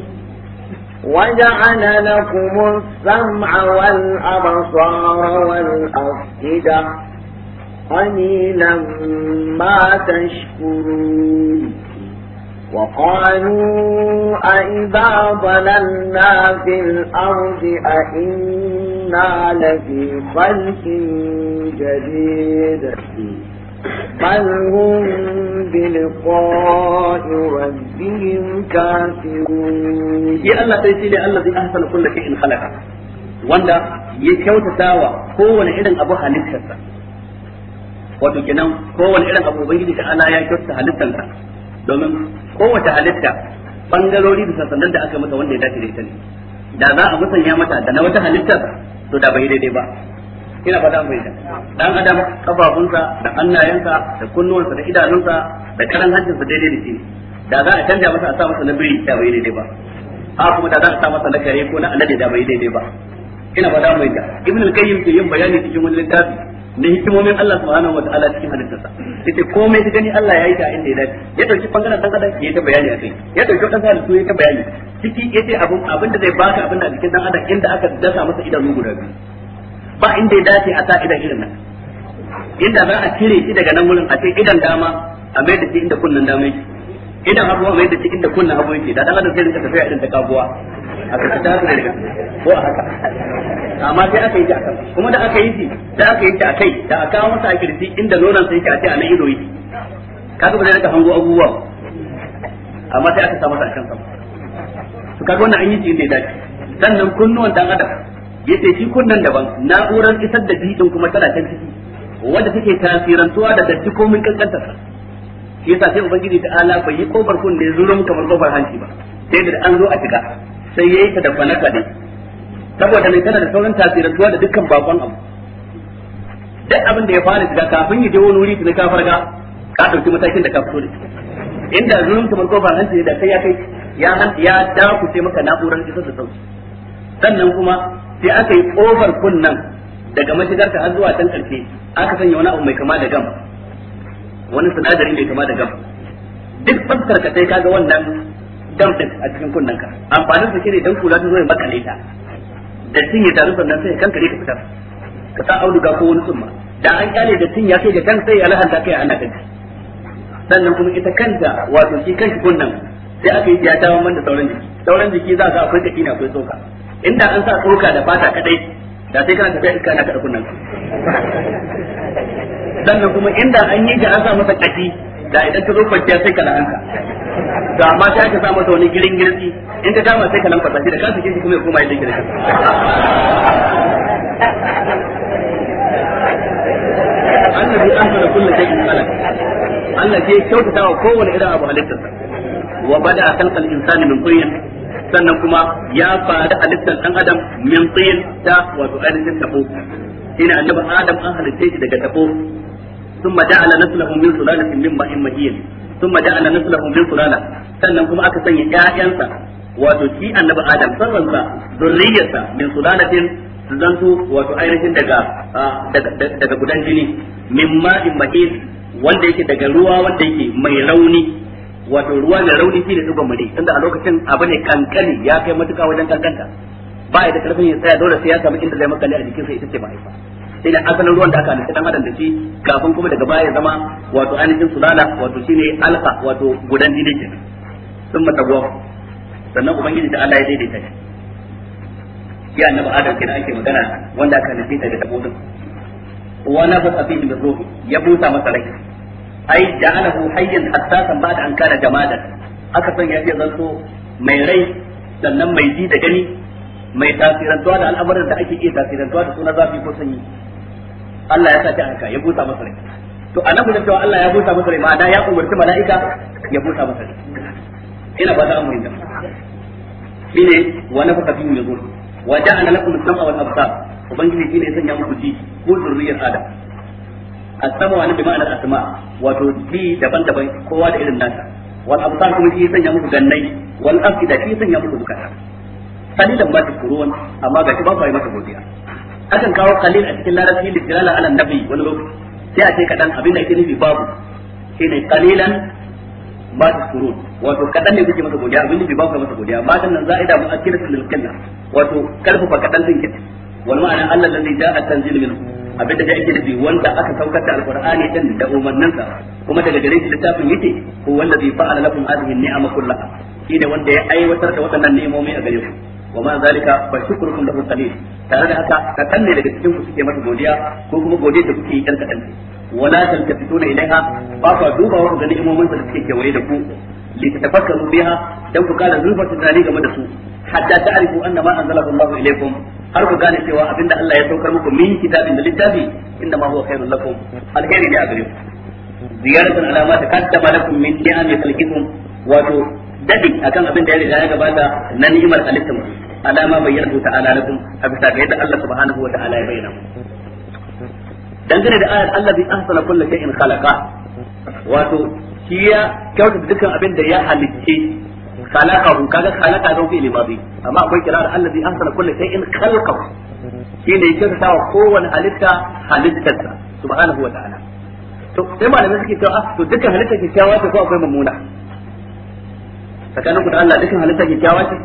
وجعل لكم السمع والأبصار والأفئدة قليلا ما تشكرون وقالوا أئذا ضللنا في الأرض أئنا لفي خلق جديد بل هم بلقاء ربهم كافرون يا الله تيسير الذي أحسن كل شيء خلقه wanda ya kyauta wa kowane irin abu halittarsa wato kenan kowane irin abu ubangiji ta ala ya kyautata halittarsa domin kowace halitta bangarori da sassanar da aka mata wanda ya dace da ita ne da za a musanya mata da na wata halitta to da bai daidai ba ina fata mai da dan adam kafafunsa da hannayensa da kunnuwansa da idanunsa da karan hancinsa daidai da shi da za a canja masa a sa masa na biri da bai daidai ba a kuma da za a sa masa na kare ko na alade da bai daidai ba ina fata mai da ibn al-qayyim ke yin bayani cikin wani littafi da hikimomin Allah subhanahu wa ta'ala cikin halittarsa yace komai ka gani Allah ya yi ta inda ya dace ya dauki bangaren dan adam ya ta bayani kai ya dauki dan halittu ya ta bayani ciki yace abun abin da zai baka abin da cikin dan adam inda aka dasa masa idanu guda biyu ba inda ya dace a sa idan irin nan inda za a cire shi daga nan wurin a ce idan dama a mai da shi inda kunnan dama yake idan abuwa mai da shi inda kunnan hagu yake da dan adam sai rinka tafiya idan ta kabuwa a karkata da ne ko a haka amma sai aka yi ta akan kuma da aka yi shi da aka yi ta akai da aka kawo masa a kirji inda nonon sai yake a ce a nan ido yake kaga ba zai rika hango abubuwa amma sai aka sa masa a kan sama to kaga wannan an yi shi inda ya dace sannan kunnuwan dan adam yace shi kunnan daban na'urar isar da bidin kuma tana can ciki wanda take tasirantuwa da datti komin kankantar shi yasa sai ubangiji ta ala bai yi kofar kunne zulum kamar kofar hanci ba sai da an zo a shiga sai yayi ta da kwanaka ne saboda mai tana da tasirin tasirantuwa da dukkan bakon abu duk abin da ya fara shiga kafin ya je wani wuri tuni ka farga ka dauki matakin da ka fito da inda zulum ta marko ba hanci da kai ya kai ya ya ce maka na'urar isar da sauki sannan kuma sai aka yi kofar kunnan daga mashigar ta har zuwa can karfe aka sanya wani abu mai kama da gam wani sinadari mai kama da gam duk fassar ka sai kaga wannan dam din a cikin kunnen ka amfanin sa shine dan kula ta zo ya makale ta da tin ya taru sannan sai kanka ne ka fitar ka sa auduga ko wani tsumma da an kyale da tin ya kai da kan sai ya lahanta kai ana kanka sannan kuma ita kanta wato shi kanki kunnen sai aka yi ya dawo man da sauran jiki sauran jiki za ka akwai kaki na akwai tsoka inda an sa tsoka da fata kadai da sai kana tafiya iska na kada kunnan sannan kuma inda an yi ga an sa masa kaki da idan ka zo kwanciya sai ka la'anka to amma sai aka samu wani girin girsi in ta kama sai ka lankwasa shi da kansa kinki kuma ya koma yadda gidan annabi an fara kullu shay'in khalaq Allah ke kyautata wa kowane irin abu halittarsa wa bada khalqal insani min tin sannan kuma ya fara halittar dan adam min tin ta wato ainihin tabo ina annabi adam an halitta shi daga tabo ثم جعل نسله من سلالة من ماء مهين thumma ja'alna naslahu min sulala sannan kuma aka sanya ya'yansa wato shi annabi adam sarransa zurriyarsa min sulalatin su zanto wato ainihin daga daga jini min ma'in wanda yake daga ruwa wanda yake mai rauni wato ruwa mai rauni shine duban mare tunda a lokacin abu ne kankani ya kai matuka wajen kankanta ba ya da karfin ya tsaya dole sai ya samu inda zai makale a jikinsa ita ce mahaifa Sai da asalin ruwan da aka halitta dan adam da shi kafin kuma daga baya ya zama wato ainihin sulala wato shine alfa wato gudan ne kenan sun matabuwa sannan ubangiji da Allah ya daidaita shi ya annabi adam kenan ake magana wanda aka halitta daga tabodin wa na fa fi min ruhi ya busa masa rai ai ja'alahu hayyan hatta ba'da an kana jamadan aka san ya ce zanto mai rai sannan mai ji da gani mai tasirantuwa da al'amuran da ake iya tasirantuwa da suna zafi ko sanyi Allah ya sa ta anka ya busa masa rai to anan mun cewa Allah ya busa masa rai ma'ana ya umarci mala'ika ya busa masa rai ina ba ta amurin da shine wa nafaka fi min ruh wa ja'ala lakum as-sam'a wal absar ubangiji shine ya sanya muku ji ko zurriyar adam as-sama wa nabi ma'ana as-sama wato ji daban-daban kowa da irin nasa wal absar kuma shi ya sanya muku gannai wal afida shi ya sanya muku bukata salilan ba ta kuruwan amma ga shi ba ku yi godiya akan kawo qalil a cikin larabci litirala ala nabi wani lokaci sai a ce kadan abin da ake nufi babu shine qalilan ba su surun wato kaɗan ne kuke masa godiya abin nufi babu masa godiya ma dan nan za'ida mu'akkiratun lil qilla wato karfafa kaɗan din kiti wal ma'ana Allah alladhi ja'a tanzil minhu abin da yake nufi wanda aka saukar da alqur'ani din da umarninsa kuma daga gare shi littafin yake ko wanda bai fa'ala lakum hadhihi ni'ama kullaha shine wanda ya aiwatar da waɗannan ni'imomi a gare ku wa ma zalika fa shukrukum lahu qalil tare da haka ka kalle daga cikin ku suke mata godiya ko kuma godiya da kuke yi dan kadan wala tantafituna ilaiha ba ka duba wa ga imomin da suke kewaye da ku litafakkaru biha dan ku kala zuba tunani game da su hatta ta'rifu anna ma anzalahu Allahu ilaykum har ku gane cewa abinda Allah ya saukar muku min kitabin da littafi inda ma huwa khairul lakum alheri ne a gare ku ziyaratan alama ta kaddama lakum min ni'ami khalqikum wato dadi akan abin da ya riga ya gabata na ni'imar halittar mu alama bayyana ta'ala lakum a bisa ga yadda Allah subhanahu wa ta'ala ya bayyana dangane da ayat Allah bi ahsana kulli shay'in khalaqa wato shi ya kyautar dukkan abin da ya halicce khalaqahu kaga khalaqa da fi'li madi amma akwai kirar Allah bi ahsana kulli shay'in khalaqahu shi ne yake tawa kowanne halitta halittarsa subhanahu wa ta'ala to sai malamai suke cewa ah, to dukkan halitta kyakkyawa ta ko akwai mummuna tsakanin ku da Allah dukkan halitta kyawa ce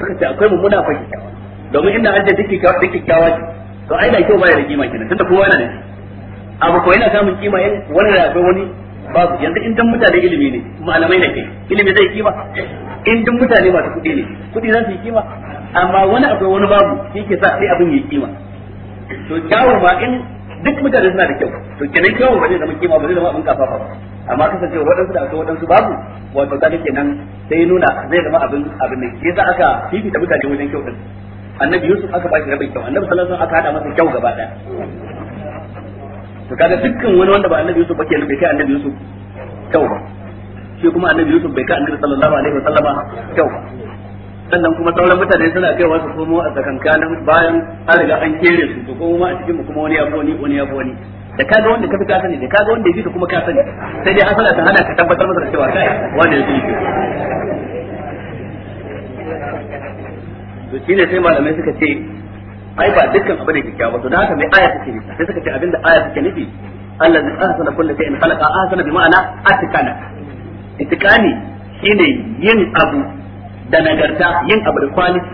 suka ce akwai mummuna akwai kyawa domin inda an ce dukkan kyakkyawa kyakkyawa ce to ai da kyau ya da kima kenan tunda kowa yana da abu ko yana samun kima yin wani da akwai wani babu yanzu in dan mutane ilimi ne malamai ne ke ilimi zai kima in dan mutane masu kuɗi ne kuɗi za su yi kima amma wani akwai wani babu shi ke sa sai abin yi kima to kyawu ba in duk mutane suna da kyau to kenan kyau ba zama kima ba zama abin kafafa ba amma kasancewa waɗansu da aka waɗansu babu wato kaga kenan sai nuna zai zama abin abin ne shi za aka fifita mutane wajen kyau din annabi yusuf aka ba shi rabin kyau annabi sallallahu alaihi wasallam aka hada masa kyau gaba daya to kaga dukkan wani wanda ba annabi yusuf ba kenan bai kai annabi yusuf kyau ba shi kuma annabi yusuf bai kai annabi sallallahu alaihi wasallam kyau ba sannan kuma sauran mutane suna kaiwa su komo a tsakankanin bayan an riga an kere su to kuma a cikin mu kuma wani ya ni wani yabo ni da kaga wanda ka fita ka sani da kaga wanda yake kuma ka sani sai dai hasala ta hana ka tabbatar masa cewa kai wanda ya fi to shine sai malamai suka ce ai ba dukkan abu da kyakkyawa to da haka mai aya take nufi sai suka ce abinda aya take nufi zai ahsana kullu shay'in khalaqa ahsana bi ma'ana atkana itikani shine yin abu da nagarta yin abu da quality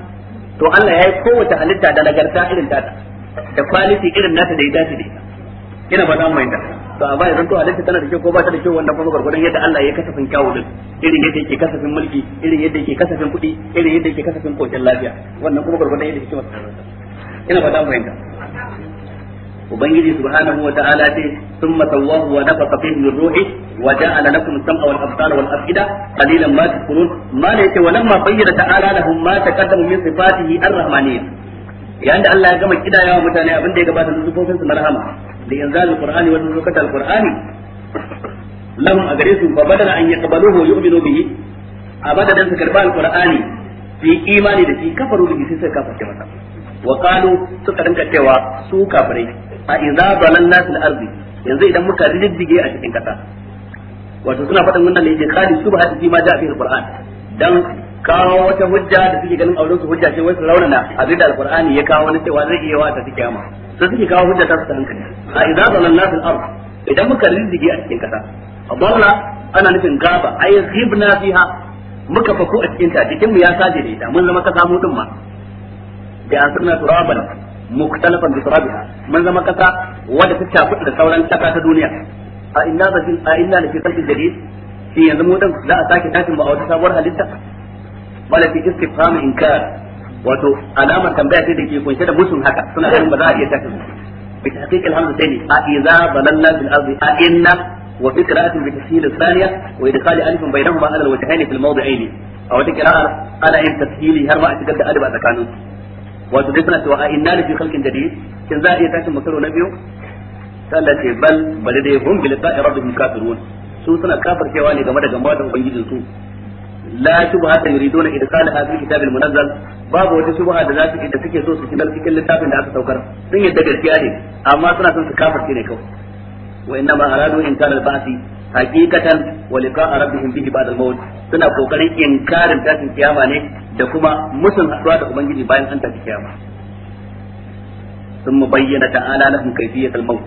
to Allah ya yi kowace halitta da nagarta irin tata da quality irin nata da ya dace da ita ina ba za mu yanda to a baya zanto halitta tana da kyau ko ba ta da kyau wanda kuma gargwadon yadda Allah ya kasafin kyawu din irin yadda yake kasafin mulki irin yadda yake kasafin kuɗi irin yadda yake kasafin kocin lafiya wannan kuma gargwadon yadda yake masa ina ba za mu yanda ubangiji subhanahu wa ta'ala ce thumma sawwahu wa nafaqa fihi min ruhi wa ja'ala lakum sam'a wal absara wal afida qalilan ma tashkurun ma la yake walamma bayyana ta'ala lahum ma taqaddama min sifatihi ar-rahmaniyyah yayin da Allah ya gama wa mutane abin da ya gabata da sufofin su na rahama da yanzal qur'ani wa nuzukata al-qur'ani lahum agarisu fa badala an yaqbaluhu yu'minu bihi abada dan su karba al-qur'ani fi imani da shi kafaru bihi sai suka kafarce masa wa qalu suka rinka cewa su kafirai a idza dalalna fil ardi yanzu idan muka riddige a cikin kasa wato suna faɗin wannan ne su ba fi ma ja'a fi qur'an dan kawo wata hujja da suke ganin auren su hujja ce wasu raunana abinda alqur'ani ya kawo wani cewa zai iya wa ta kiyama sai suke kawo hujja ta su hankali a idza dalalna fil ard idan muka riddige a cikin kasa dalla ana nufin gaba ay ghibna fiha muka fako a cikin ta cikin mu ya saje da ita mun zama ka mu din ma bi asrna turaban muktalafan bi turabiha Manzama zama kasa wadda ta tafi da sauran kasa ta duniya a inna zafin a inna da fi kalbin jadid shi yanzu mu dan a sake tashin ba a wata sabuwar halitta wato alamar tambaya ce da ke kunshe da musun haka suna ganin ba za a iya tashin bi tahqiq alhamdu sai ne a idza balanna bil ardi a inna wa fi qira'atin bi tashhid thaniya wa idkhali alifin bainahuma ala al-wajhayn fil mawdi'ayn a wata qira'a ana yin tashhili har ma a shigar da alif a su wato dai suna cewa a inna lafi khalqin jadid kin za a iya tashin makaro na biyu sai Allah ce bal bal dai hum bil qa'i rabbihim kafirun su suna kafircewa ne game da gamba da ubangijin su la shubha ta yuriduna idkhalaha fi kitabil munazzal babu wata shubha da za su da suke so su shigar cikin littafin da aka saukar sun yadda gaskiya ne amma suna son su kafirce ne kawai wa inna ma aradu in kana al-ba'si hakikatan wa liqa'a rabbihim bihi ba'da al suna kokarin inkarin tashin kiyama ne da kuma musun haɗuwa da ubangiji bayan an tafi kiyama bayyana ta'ala ثم بين تعالى لهم كيفية banu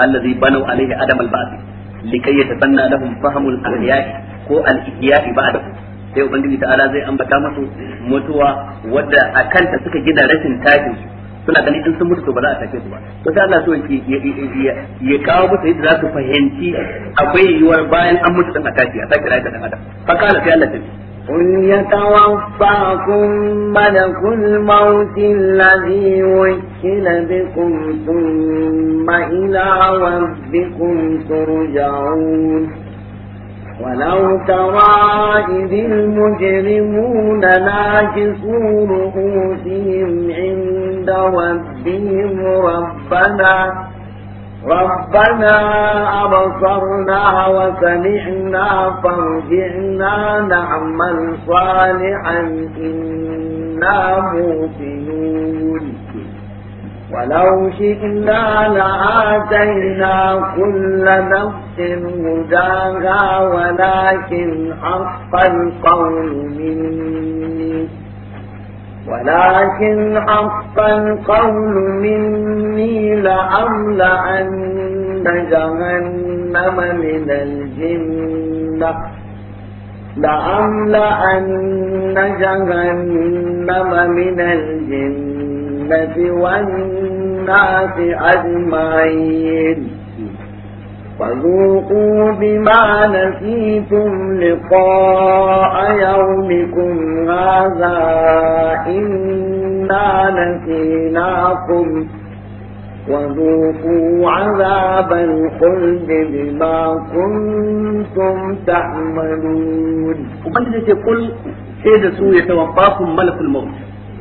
الذي بنوا عليه عدم البعث لكي lahum fahm al الأحياء ko al-ihya ba'da sai ubangiji ta'ala zai ambata musu mutuwa wadda akanta suka gina rashin tashin suna ganin in sun mutu to ba za a tafi su ba to sai Allah so ya kawo musu yadda za su fahimci akwai yiwuwar bayan an mutu dan a a sake rayuwa dan adam fa kana sai Allah tafi قل يتوفاكم ملك الموت الذي وكل بكم ثم إلى ربكم ترجعون ولو ترى إذ المجرمون ناكسوا رؤوسهم عند ربهم ربنا ربنا أبصرنا وسمعنا فارجعنا نعمل صالحا إنا موقنون ولو شئنا لآتينا كل نفس هداها ولكن حق القول مني ولكن حق القول مني لأملأن جهنم من الجنة لأملأن جهنم من الجنة الجنة والناس أجمعين فذوقوا بما نسيتم لقاء يومكم هذا إنا نسيناكم وذوقوا عذاب الخلد بما كنتم تعملون وقد قل سيد سوء يتوفاكم ملك الموت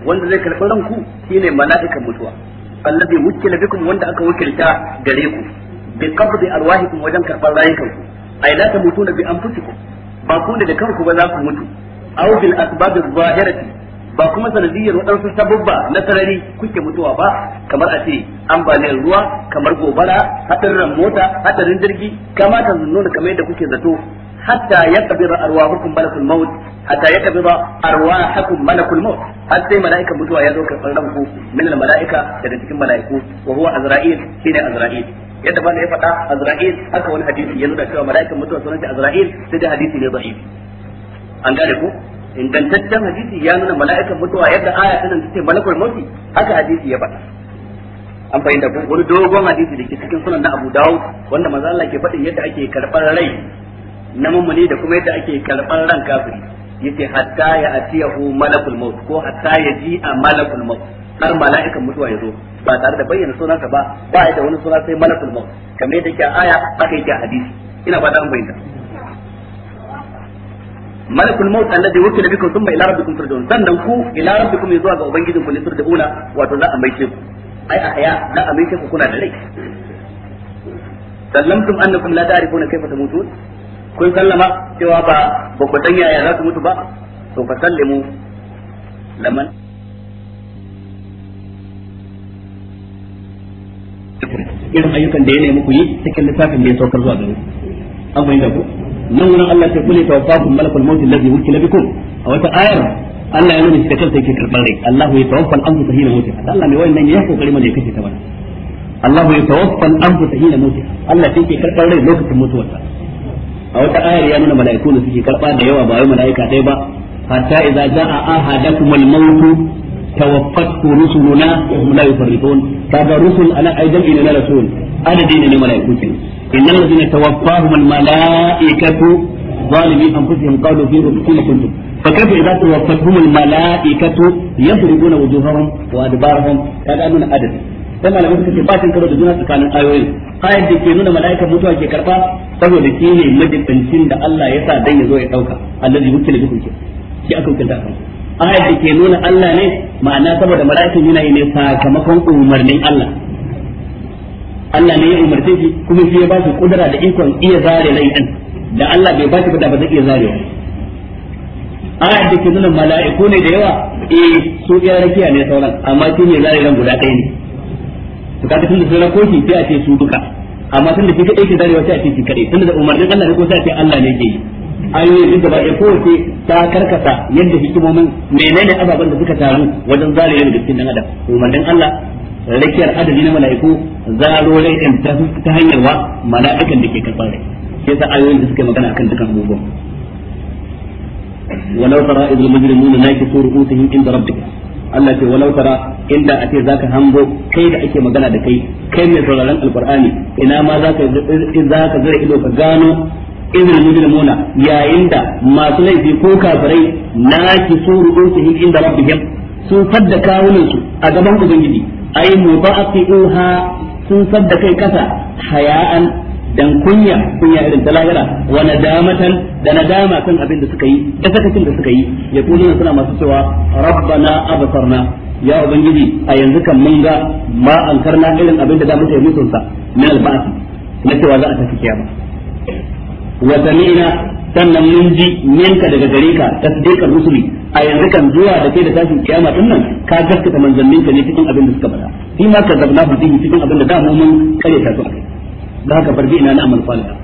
wanda zai karɓi ranku shine mala'ikan mutuwa allazi wukila bikum wanda aka wukilta gare ku bi qabdi arwahikum wajen karɓar rayukan ku ta mutu tamutuna bi anfusikum ba ku ne da kanku ba za ku mutu aw bil asbab adh-dhahirati ba kuma sanadiyar waɗansu sababba na sarari kuke mutuwa ba kamar a ce ambaliyar ruwa kamar gobara hadarin mota hadarin jirgi kamata su nuna kamar yadda kuke zato hatta يقبض arwahukum ملك الموت حتى يقبض arwahakum ملك الموت حتى sai mala'ikan mutuwa ya zo karɓar ranku min al mala'ika daga cikin mala'iku wa huwa shine yadda ba ya faɗa azra'il haka wani hadisi ya nuna cewa mala'ikan mutuwa sunan ta azra'il sai da hadisi ne da'if an gane ko ingantaccen hadisi ya nuna mala'ikan mutuwa yadda aya nan take malakul mauti haka hadisi ya faɗa an fahimta ko wani dogon hadisi da ke cikin sunan na Abu Dawud wanda manzo Allah ke faɗin yadda ake karɓar rai na mummuni da kuma yadda ake karban ran kafiri yace hatta ya atiyahu malakul maut ko hatta ya ji a malakul maut har mala'ikan mutuwa ya zo ba tare da bayyana sunanka ba ba ya da wani suna sai malakul maut kamar yadda yake aya haka yake hadisi ina fata an bayyana malakul maut alladhi wukila bikum thumma ila rabbikum turja'un sannan ku ila rabbikum zuwa ga ku? ne turja'una wato za a maishe ku ai a haya za a maishe ku kuna da rai sallamtum annakum la ta'rifuna kayfa tamutun kun sallama cewa ba ba ku san yaya za ku mutu ba to fa sallimu laman irin ayyukan da ya nemi ku yi cikin littafin da ya saukar zuwa gare an fahimta ku nan wurin Allah ta kule tawaffakum malakul maut allazi wukila bikum a wata ayar Allah ya nuna shi da kansa yake karɓar rai Allah ya tawaffal an mutu Allah mai wannan ya kokari ta Allah ya tawaffal an mutu Allah yake karɓar rai lokacin mutuwarsa a wata ayar ya nuna mala'iku da suke karba da yawa ba wai mala'ika dai ba hatta idza jaa ahadakumul mautu tawaffatu rusuluna la yufarritun kaga rusul ana aidan ina rasul adadi ne mala'iku ke innal ladina tawaffahumul mala'ikatu zalimi anfusihim qalu fi rusulina kuntum فكيف إذا توفتهم الملائكة يضربون وجوههم وأدبارهم هذا من sai malamin suka ce ba karo da juna tsakanin ayoyin ayar da ke nuna mala'ikan mutuwa ke karba saboda shi ne majibancin da Allah ya sa dan ya zo ya dauka allazi wukila bikum ke shi aka hukunta kan ayar da ke nuna Allah ne ma'ana saboda mala'ikan yana yi ne sakamakon umarnin Allah Allah ne ya umarce shi kuma shi ya ba shi kudura da ikon iya zare rai din da Allah bai ba shi ba zai iya zare wa. ayar da ke nuna mala'iku ne da yawa eh su iya rakiya ne sauran amma shi ne zare ran guda ɗaya ne Ka kaga tunda sun rako shi sai a ce su duka amma da shi kadai ke darewa sai a ce shi kadai tun da umarnin Allah ne ko sai a ce Allah ne ke yi ayoyin duk gaba ɗaya kowace ta karkasa yadda hikimomin menene ababen da suka taru wajen zare yin gaskin dan adam umarnin Allah rakiyar adadi na mala'iku zaro rai ɗin ta hanyar wa mala'ikan da ke karɓar rai sai sa ayoyin da suke magana akan dukan abubuwan ولو ترى إذ المجرمون ناكسوا رؤوسهم عند ربك Allah ce walau tara inda a ce zaka hango kai da ake magana da kai kai mai sauraron alqur'ani ina ma zaka zaka zira ido ka gano izinin mujrimuna yayin da masu laifi ko kafirai na ki su rubutu inda rabbihim sun sadda kawunan su a gaban ubangiji ay mudaafiha sun fadda kai kasa haya'an dan kunya kunya irin ta lahira wa nadamatan da nadama kan abin da suka yi da sakacin da suka yi ya kuluna suna masu cewa rabbana absarna ya ubangiji a yanzu kan mun ga ma an karna irin abin da da muke musun sa min alba'ati na cewa za a tafi kiyama wa sami'na sannan mun ji minka daga gare ka tasdiqar rusuli a yanzu kan zuwa da kai da tashin kiyama din nan ka gaskata manzannin ka ne cikin abin da suka faɗa shi ma ka zabna fa cikin abin da da mu mun kare ta su akai da haka farbi ina na amal salih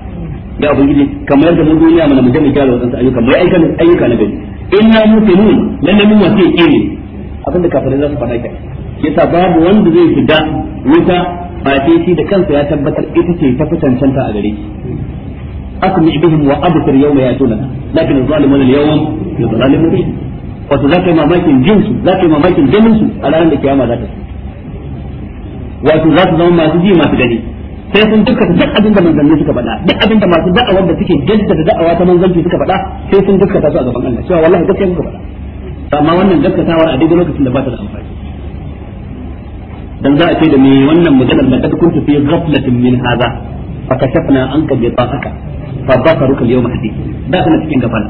ya ubangiji kamar yadda mu duniya mana mu je mu gyara wadansu ayyuka mu aika ayyuka na gari inna muslimun lalle mun wace ke ne abinda kafirai za su faɗa kai yasa babu wanda zai shiga wuta ba sai shi da kansa ya tabbatar ita ce ta fitancanta a gare shi asmi bihim wa absir yawma yatuna lakin az-zalimuna al-yawm yuzalimu bihim wato za ka yi mamakin jinsu za ka yi mamakin ganinsu a ranar da kiyama za ta wato za su zama masu ji masu gani sai sun duka duk abin da manzanni suka faɗa duk abin da masu da'awar da suke jaddada da da'awa ta manzanci suka faɗa sai sun duka su a gaban Allah cewa wallahi gaskiya suka faɗa amma wannan gaskatawar a daidai lokacin da ba ta da amfani dan za a ce da me wannan mujallal da kada kuntu fi ghaflatin min hadha fa kashafna anka bi taqaka fa dhakaruka al-yawma hadith da kana cikin gafala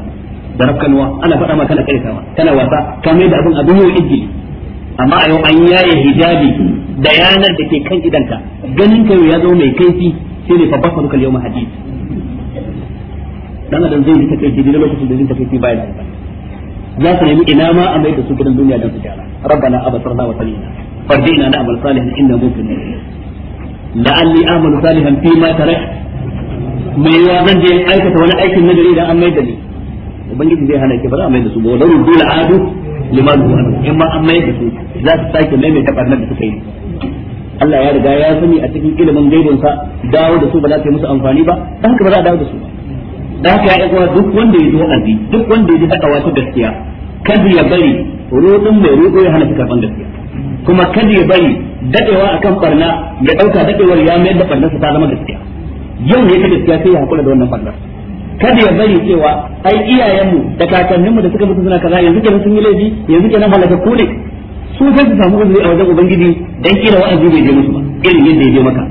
da rakkanwa ana faɗa ma kana kaitawa kana wasa kamar da abin abin yau ijili amma a yau an yaye hijabi da yanar da ke kan idanka ganin ka ya zama mai kaifi sai ne babbar farukal yau mahadis dan adam zai yi ta kai da lokacin da zai ta kai bayan za su nemi ina ma a mai da su gidan duniya don su gyara rabbana abasarna wa salina farjina na amal salihan inna mumkin la'alli amalu salihan fi ma tarak mai yawa zan je aikata wani aikin nagari da an mai da ni ubangiji zai hana ki ba za a mai da su ba wadda dole adu liman zuwa in ma an mai da su za su sake maimaita barnar da suka yi Allah ya riga ya sani a cikin ilimin gaidon sa dawo da su ba za su yi musu amfani ba da haka ba za a dawo da su da haka ya kuma duk wanda ya zo azi duk wanda ya ji takawa ta gaskiya kada ya bari rudin mai rudo ya hana su karban gaskiya kuma kada ya bari dadewa akan barna ya dauka dadewar ya mayar da barnar ta zama gaskiya yau ne ta gaskiya sai ya hakura da wannan barnar kada ya bari cewa ai iyayenmu da kakanninmu da suka mutu suna kaza yanzu kenan sun yi laifi yanzu kenan halaka ku ne su sai su samu uzuri a wajen ubangiji dan kila wa'azi bai je musu ba irin yadda ya je maka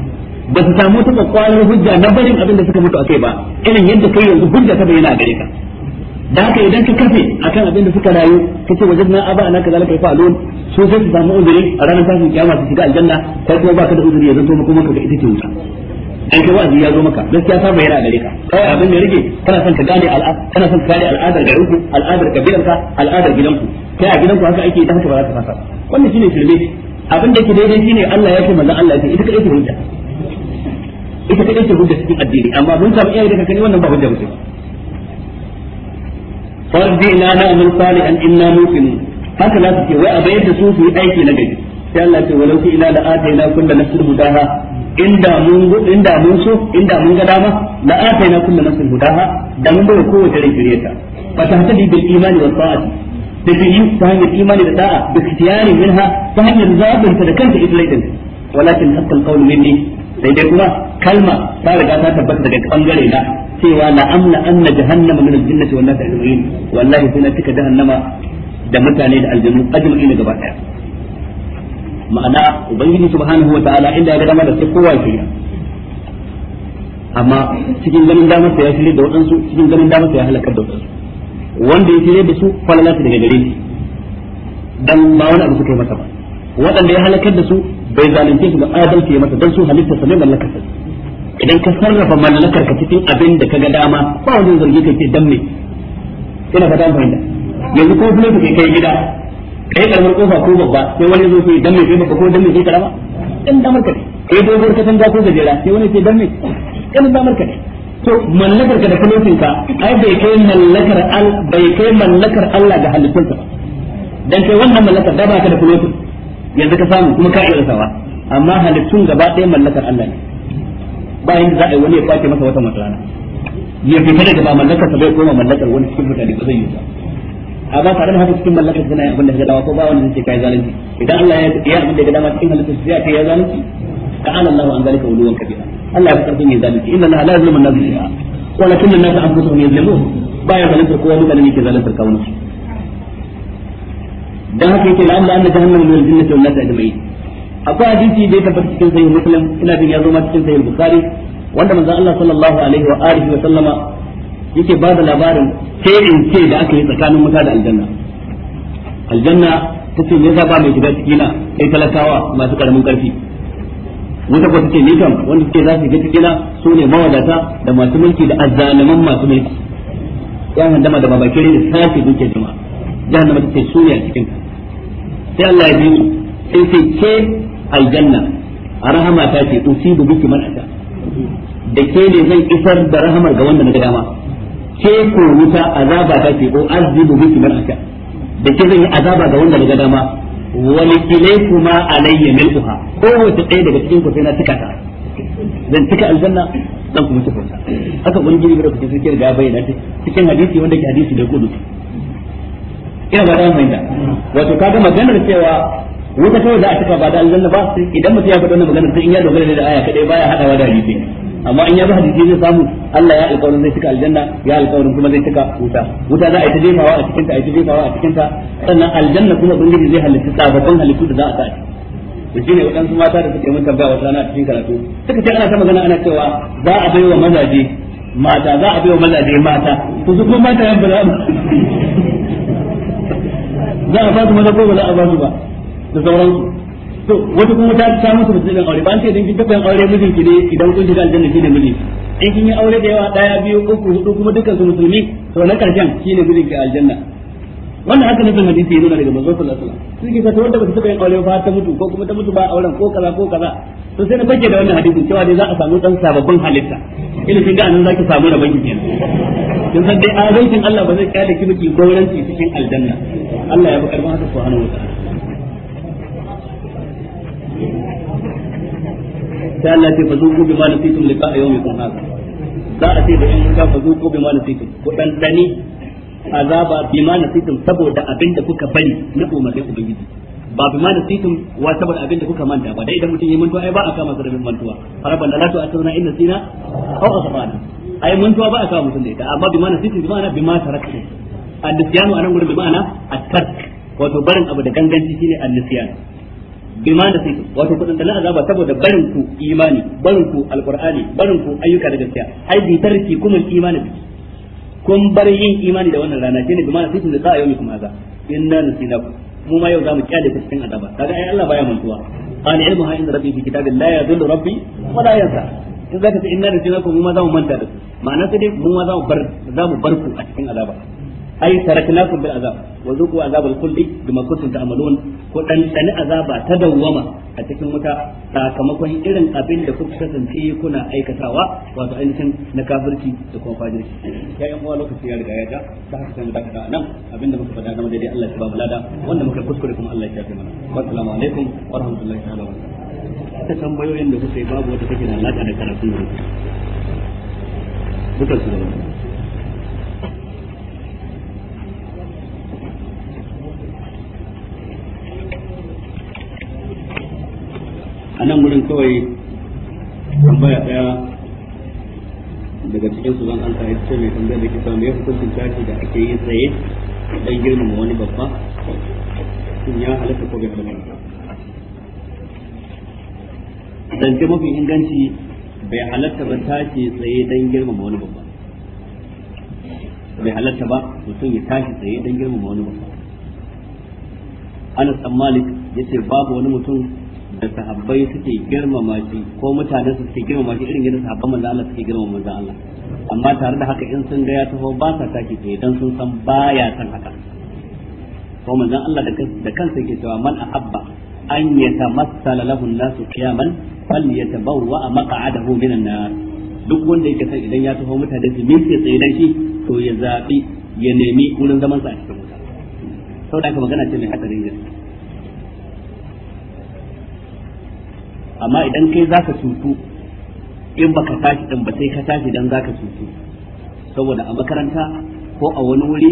ba su samu ta kwakwalwar hujja na barin abin da suka mutu a akai ba irin yadda kai yanzu hujja ta bayyana a gare ka da haka idan ka kafe akan abin da suka rayu ce wajen na aba ana kaza kai fa'alun su sai su samu uzuri a ranar tashin kiyama su shiga aljanna kai kuma baka da uzuri yanzu to kuma ka ga ita ce wuta an kai wa'azi ya zo maka gaskiya ta yana gare ka kai abin da rage kana son ka gane al'ada kana son ka gane al'adar garin ku al'adar kabilan al'adar gidan ku kai a gidan ku haka ake da haka ba za ka fasa wannan shine shirme abin da yake daidai shine Allah ya ce manzon Allah ya ce ita kadai ce hujja ita kadai ce hujja cikin addini amma mun samu iyaye da kakanni wannan ba hujja ba ce farjina na amal salihan inna muqinun haka za su ce wai a bayar da su su yi aiki na gari sai Allah ce walau ila la ataina kullu nafsin hudaha inda mun inda mun so inda mun ga dama la ataina kullu nafsin hudaha da mun bai kowace rai kireta fa tahtadi bil imani wa ta'ati da bi yin ta hanyar imani da da'a bi ikhtiyari minha ta hanyar zabin ta da kanta idlaidin walakin hatta alqawlu minni sai dai kuma kalma ta riga ta tabbata daga bangare na cewa la amla anna jahannama min al-jinnati wan nas ajma'in wallahi sai na tuka jahannama da mutane da aljannu ajma'in gaba daya ma'ana ubangiji subhanahu wa ta'ala inda ya ga dama da sai kowa shirya amma cikin ganin dama sai ya shirye da waɗansu cikin ganin dama sai ya halakar da waɗansu wanda ya shirye da su falala su daga gare shi dan ba wani abu suka yi masa ba waɗanda ya halakar da su bai zalunce su ba adalci ya masa dan su halitta sa ne mallakar sa idan ka sarrafa mallakar ka cikin abin da ka ga dama ba wani zargi kai ce dan me ina fata fahimta yanzu ko kuma kai gida kai karamar kofa ko babba sai wani zo sai dan mai kai babba ko dan mai kai karama dan damar ka ne kai dogon ka da ko gajera sai wani sai dan me dan damar ka ne to mallakar ka da kulofin ka ai bai kai mallakar al bai kai mallakar Allah da halittun ka dan kai wannan mallakar da baka da kulofin yanzu ka samu kuma ka iya sawa amma halittun gaba ɗaya mallakar Allah ne ba yanda za a yi wani ya kwace masa wata matsala ya fita daga ba mallakar sa bai koma mallakar wani cikin mutane ba zai yi ba amma tare da haka cikin mallakar suna yin abin da dama ko ba wanda zai ce kai zalunci idan Allah ya ya abin da dama cikin halittar sai ya ya zalunci ta'ala Allah an zalika uluwan kabira Allah ya karfin yin zalunci inna Allah na yuzlimu an-nas shay'a walakin an-nas anfusuhum yuzlimun baya zalunta kowa mutane ne ke zalunta kawunan su dan haka yake la anna jahannama min al-jinnati wan nas ajma'in akwai hadisi da ya tabbata cikin sahih muslim ina jin ya zo ma cikin sahih bukhari wanda manzon Allah sallallahu alaihi wa alihi wa sallama yake ba da labarin ce in ce da aka yi tsakanin wuta da aljanna aljanna ta ce ne ba mai shiga cikina kai talakawa masu karamin karfi wata ko take ni kam wanda suke za su shiga cikina su ne mawadata da masu mulki da azzaliman masu mulki ya handama da babakire da sace duke jama'a jahannama ta ce su ne a cikin sai Allah ya biyu sai sai ce ke aljanna a rahama ta ce usibu biki man da ke ne zan isar da rahamar ga wanda na ga dama ke ko wuta azaba ta ke ko oh, azibu biki man asha da ke zan yi azaba ga wanda daga dama wani kilai kuma alayya milkuha ko wata ɗaya daga cikin ku sai na tuka ta zan tuka aljanna dan kuma tuka ta haka wani gini da kuke da ya bayyana cikin hadisi wanda ke hadisi da kudu ina ba da fahimta wato kaga maganar cewa wuta kawai za a tuka ba da aljanna ba idan mutum ya faɗa wannan maganar sai in ya dogara da aya kadai baya hadawa da hadisi amma in ya bi hadisi zai samu Allah ya alƙawarin zai cika aljanna ya alƙawarin kuma zai cika wuta wuta za a yi ta jefawa a cikinta a yi ta jefawa a cikinta sannan aljanna kuma ubangiji zai halitta sababbin halittu da za a sa to shine waɗansu mata da suke mun tambaya wata rana a cikin karatu suka ce ana ta magana ana cewa za a baiwa mazaje mata za a baiwa mazaje mata to su kuma mata yan ba za a ba su maza ko ba za a ba su ba da sauransu to wata kuma ta ta musu musulmin aure ba an ce idan kin taɓa yin aure mijin ki ne idan kun shiga aljanna shine miji in kin yi aure da yawa daya biyu uku hudu kuma dukkan su musulmi to na karshen shine mijin ki aljanna wannan haka nufin hadisi ya nuna daga manzon sallallahu alaihi wasallam sun kisa ta wanda ba su taɓa yin aure ba ta mutu ko kuma ta mutu ba auren ko kaza ko kaza to sai na fage da wannan hadisin cewa dai za a samu dan sababbin halitta ina kin ga anan zaki samu da banki kenan kin san dai azancin Allah ba zai kyale ki miki gauranci cikin aljanna Allah ya bi karban haka subhanahu wa ta'ala sai Allah ce fazuku bima nasitum liqa'a yawmikum hadha za a ce da in ka fazuku bima nasitum ku dan dani azaba bima nasitum saboda abin da kuka bari na umarnin ubangiji ba bima nasitum wa saboda abin da kuka manta ba dai idan mutum ya mantuwa ai ba a kama zarafin mantuwa rabbana la tu'athirna inna sina aw akhtana ai mantuwa ba a kama mutum da ita amma bima nasitum bima na bima tarakta an-nisyanu anan gurbi ma'ana na at-tark wato barin abu da ganganci shine an bima da sai wato kudin da azaba saboda barin ku imani barin ku alqur'ani barin ku ayyuka da gaskiya ai bi tarki kuma imani biki kun bar yin imani da wannan rana shine bima da sai da za a yau kuma azaba inna nasinakum mu ma yau zamu kyale ku cikin azaba kaga ai Allah baya mantuwa qala ilmu ha inda rabbi fi kitabin la yadhillu rabbi wa la yansa in zaka ce inna nasinakum mu ma zamu manta da ma'ana sai dai mu ma zamu bar zamu bar ku a cikin azaba ai taraknakum bil azab wa zuqu azab al kulli bima kuntum ta'malun ko dan dan azaba ta dawwama a cikin wuta sakamakon irin abin da kuka kasance kuna aikatawa wato ainihin na kafirci da kuma fajirci ya yan uwa lokaci ya riga ya ga ta haka sai mu dakata nan abinda muka fada game daidai Allah ya ba mu wanda muka kuskure kuma Allah ya shafe mana assalamu alaikum wa rahmatullahi ta'ala wa barakatuh ta tambayoyin da kuka yi babu wata take da alaka da karatu ne duka su da a nan wurin kawai tambaya daya daga cikin su zan an sa ita mai tambayar da ke samu ya hukuncin tashi da ake yi tsaye don girmama wani babba sun ya halatta ko bai halatta zance mafi inganci bai halatta ba tashi tsaye don girmama wani babba bai halatta ba mutum ya tashi tsaye don girmama wani babba Anas dan ya yace babu wani mutum da sahabbai suke girmama shi ko mutane suke girmama shi irin yadda sahabban manzo Allah suke girmama manzo Allah amma tare da haka in sun ga ya taho ba sa take tsaye dan sun san baya san haka ko manzo Allah da kansa yake cewa man ahabba an yatamassala lahu an-nasu qiyaman falyatabawwa maq'adahu an nar duk wanda yake san idan ya taho mutane su miƙe tsaye dan shi to ya zabi ya nemi wurin zaman sa a cikin mutane saboda haka magana ce mai hadarin gaske amma idan kai zaka cutu in baka tashi din ba sai ka tashi dan zaka cutu saboda a makaranta ko a wani wuri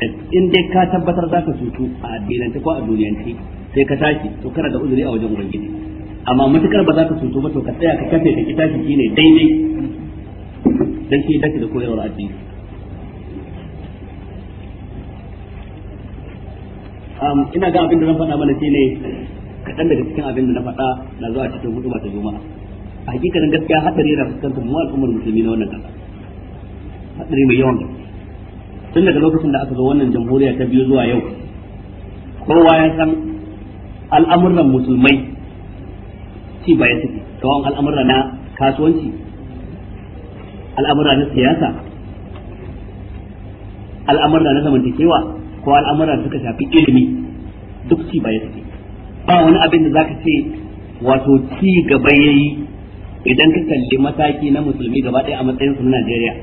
da in dai ka tabbatar zaka cutu a addinance ko a duniyance sai ka tashi to kana da uzuri a wajen ubangiji amma matukar ba za ka cutu ba to ka tsaya ka kafe ka ki tashi shine daidai dan ke dace da koyarwar addini ina ga abin da zan faɗa mana shine kaɗan daga cikin abin da na faɗa na zuwa cikin hudu ta juma'a a hakikanin gaskiya haɗari yana fuskantar mu al'ummar musulmi na wannan ƙasa haɗari mai yawan tun daga lokacin da aka zo wannan jamhuriya ta biyu zuwa yau kowa ya san al'amuran musulmai ci baya suke tsawon al'amura na kasuwanci al'amura na siyasa al'amura na zamantakewa ko al'amura da suka shafi ilimi duk ci baya suke ba wani abin da zaka ce wato ci gaba yayi idan ka kalli mataki na musulmi gaba ɗaya a matsayin su na Najeriya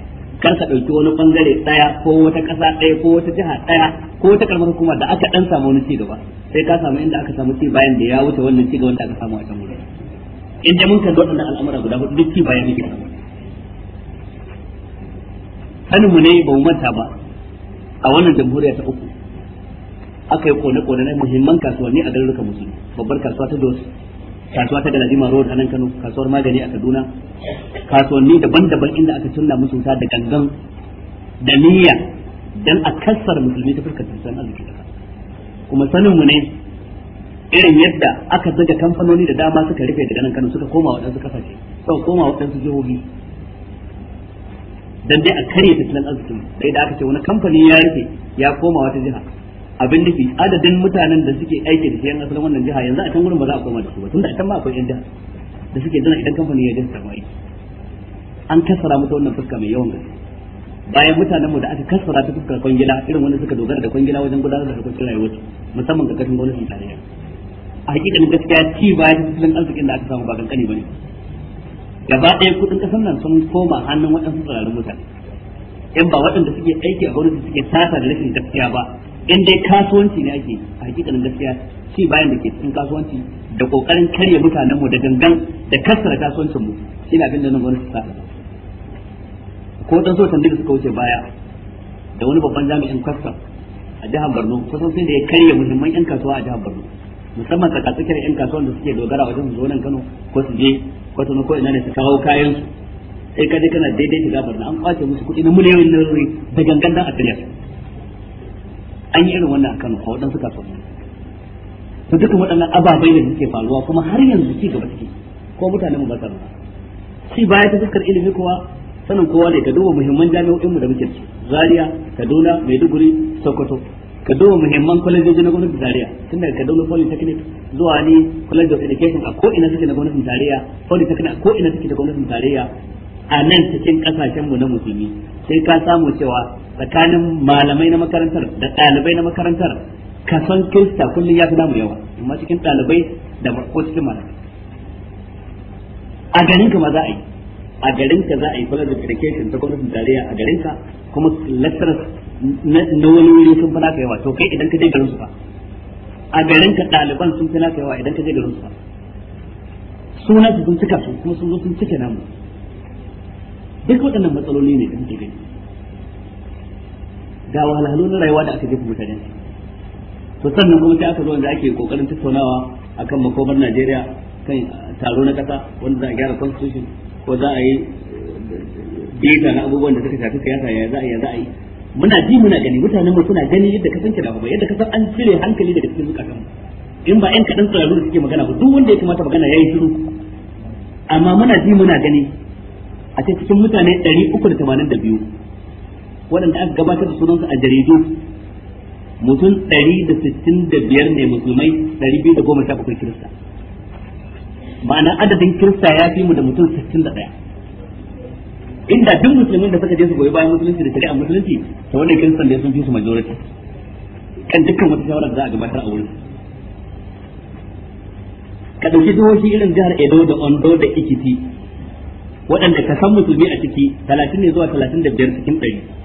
kar ka ɗauki wani bangare ɗaya ko wata ƙasa ɗaya ko wata jiha ɗaya ko wata kalmar hukuma da aka ɗan samu wani ci gaba sai ka samu inda aka samu ci bayan da ya wuce wannan ci gaban da aka samu a can wurin in da mun kalli waɗannan al'amura guda hudu duk ci bayan muke samu sanin mu ne ba mu manta ba a wannan jamhuriya ta uku aka yi kone-kone na muhimman kasuwanni a garurukan musulmi babbar kasuwa ta Jos kasuwa ta Galadima Road a nan Kano kasuwar magani a Kaduna kasuwanni daban-daban inda aka tunna musu sa da gangan da niyya dan a kassar musulmi ta fuskar tsan arziki kuma sanin mu ne irin yadda aka zaga kamfanoni da dama suka rufe daga nan Kano suka koma waɗansu kasashe suka koma waɗansu jihohi dan dai a karya tattalin arzikin sai da aka ce wani kamfani ya rufe ya koma wata jiha abin ke adadin mutanen da suke aiki da sayan asalin wannan jiha yanzu a can gudun ba za a koma da su ba tunda a can ma akwai yan jiha da suke zana idan kamfani ya jinsa mai an kasara mata wannan fuska mai yawan gaske bayan mutanen mu da aka kasara ta fuskar kwangila irin wanda suka dogara da kwangila wajen gudanar da harkokin rayuwarsu musamman ga kashin gwamnatin tarayya a hakikanin gaskiya ci baya ta tattalin arzikin da aka samu ba kankani ba ne. gaba ɗaya kudin ƙasar nan sun koma hannun waɗansu tsararrun mutane yan ba waɗanda suke aiki a gwamnati suke tasa da rashin gaskiya ba in dai kasuwanci ne ake a hakikanin gaskiya shi bayan da ke cikin kasuwanci da kokarin karya mutanen mu da gangan da kasara kasuwancin mu na abin da nan su ta ko dan so tambaye suka wuce baya da wani babban jami'in kwastam a jihar Borno kusan sun da ya karya muhimman yan kasuwa a jihar Borno musamman tsakiyar yan kasuwan da suke dogara wajen su nan Kano ko su je kwatano ko ina ne su kawo kayan su sai je kana daidai shiga Borno an kwace musu kuɗi na miliyoyin na da gangan dan a an yi irin wannan a Kano ko waɗansu kasuwanni to duka waɗannan ababai da suke faruwa kuma har yanzu ci gaba take ko mutane mu basa sa ci baya ta fuskar ilimi kuwa sanin kowa ne ka duba muhimman jami'o'in mu da muke ci Zaria Kaduna Maiduguri Sokoto ka duba muhimman kwalejoji na gwamnatin zaria tun daga Kaduna Polytechnic zuwa ne College of Education a ko ina suke na gwamnatin zaria Polytechnic a ko ina suke da gwamnatin Zaria. a nan cikin kasashen mu na musulmi sai ka samu cewa tsakanin malamai na makarantar da ɗalibai na makarantar ka san kirista kullum ya fi namu yawa amma cikin ɗalibai da ko cikin malamai a garin ka ma za a yi a garin ka za a yi kula da education ta gwamnatin tarayya a garin ka kuma lecturers na wani wuri sun fi naka yawa to kai idan ka je garin su fa a garin ka ɗaliban sun fi naka yawa idan ka je garin su fa sunan su sun cika su kuma sun zo sun cike namu duk waɗannan matsaloli ne da muke gani da wahalhalu na rayuwa da aka jefa mutane to sannan kuma sai aka zo wanda ake kokarin tattaunawa akan makomar Najeriya kan taro na kasa wanda za a gyara constitution ko za a yi eh, bita na abubuwan da suka shafi siyasa ya za a yi za a yi muna ji muna gani mutanen mu suna gani yadda ka san da ba yadda ka san an cire hankali daga cikin zukatan mu in ba yan kaɗan tsararru da suke magana ba duk wanda ya kamata magana ya yi shiru amma muna ji muna gani a cikin mutane 382 waɗanda aka gabatar da sunansu a jaridu mutum 165 ne musulmai 217 kirista ma'ana adadin kirista ya fi mu da mutum 61 inda duk musulmin da suka je su goyi bayan musulunci da shari'a musulunci ta wannan kiristan da sun fi su majority kan dukkan wata shawara da za a gabatar a wurin ka ɗauki jihohi irin jihar Edo da Ondo da Ikiti waɗanda ka san musulmi a ciki 30 ne zuwa 35 cikin 100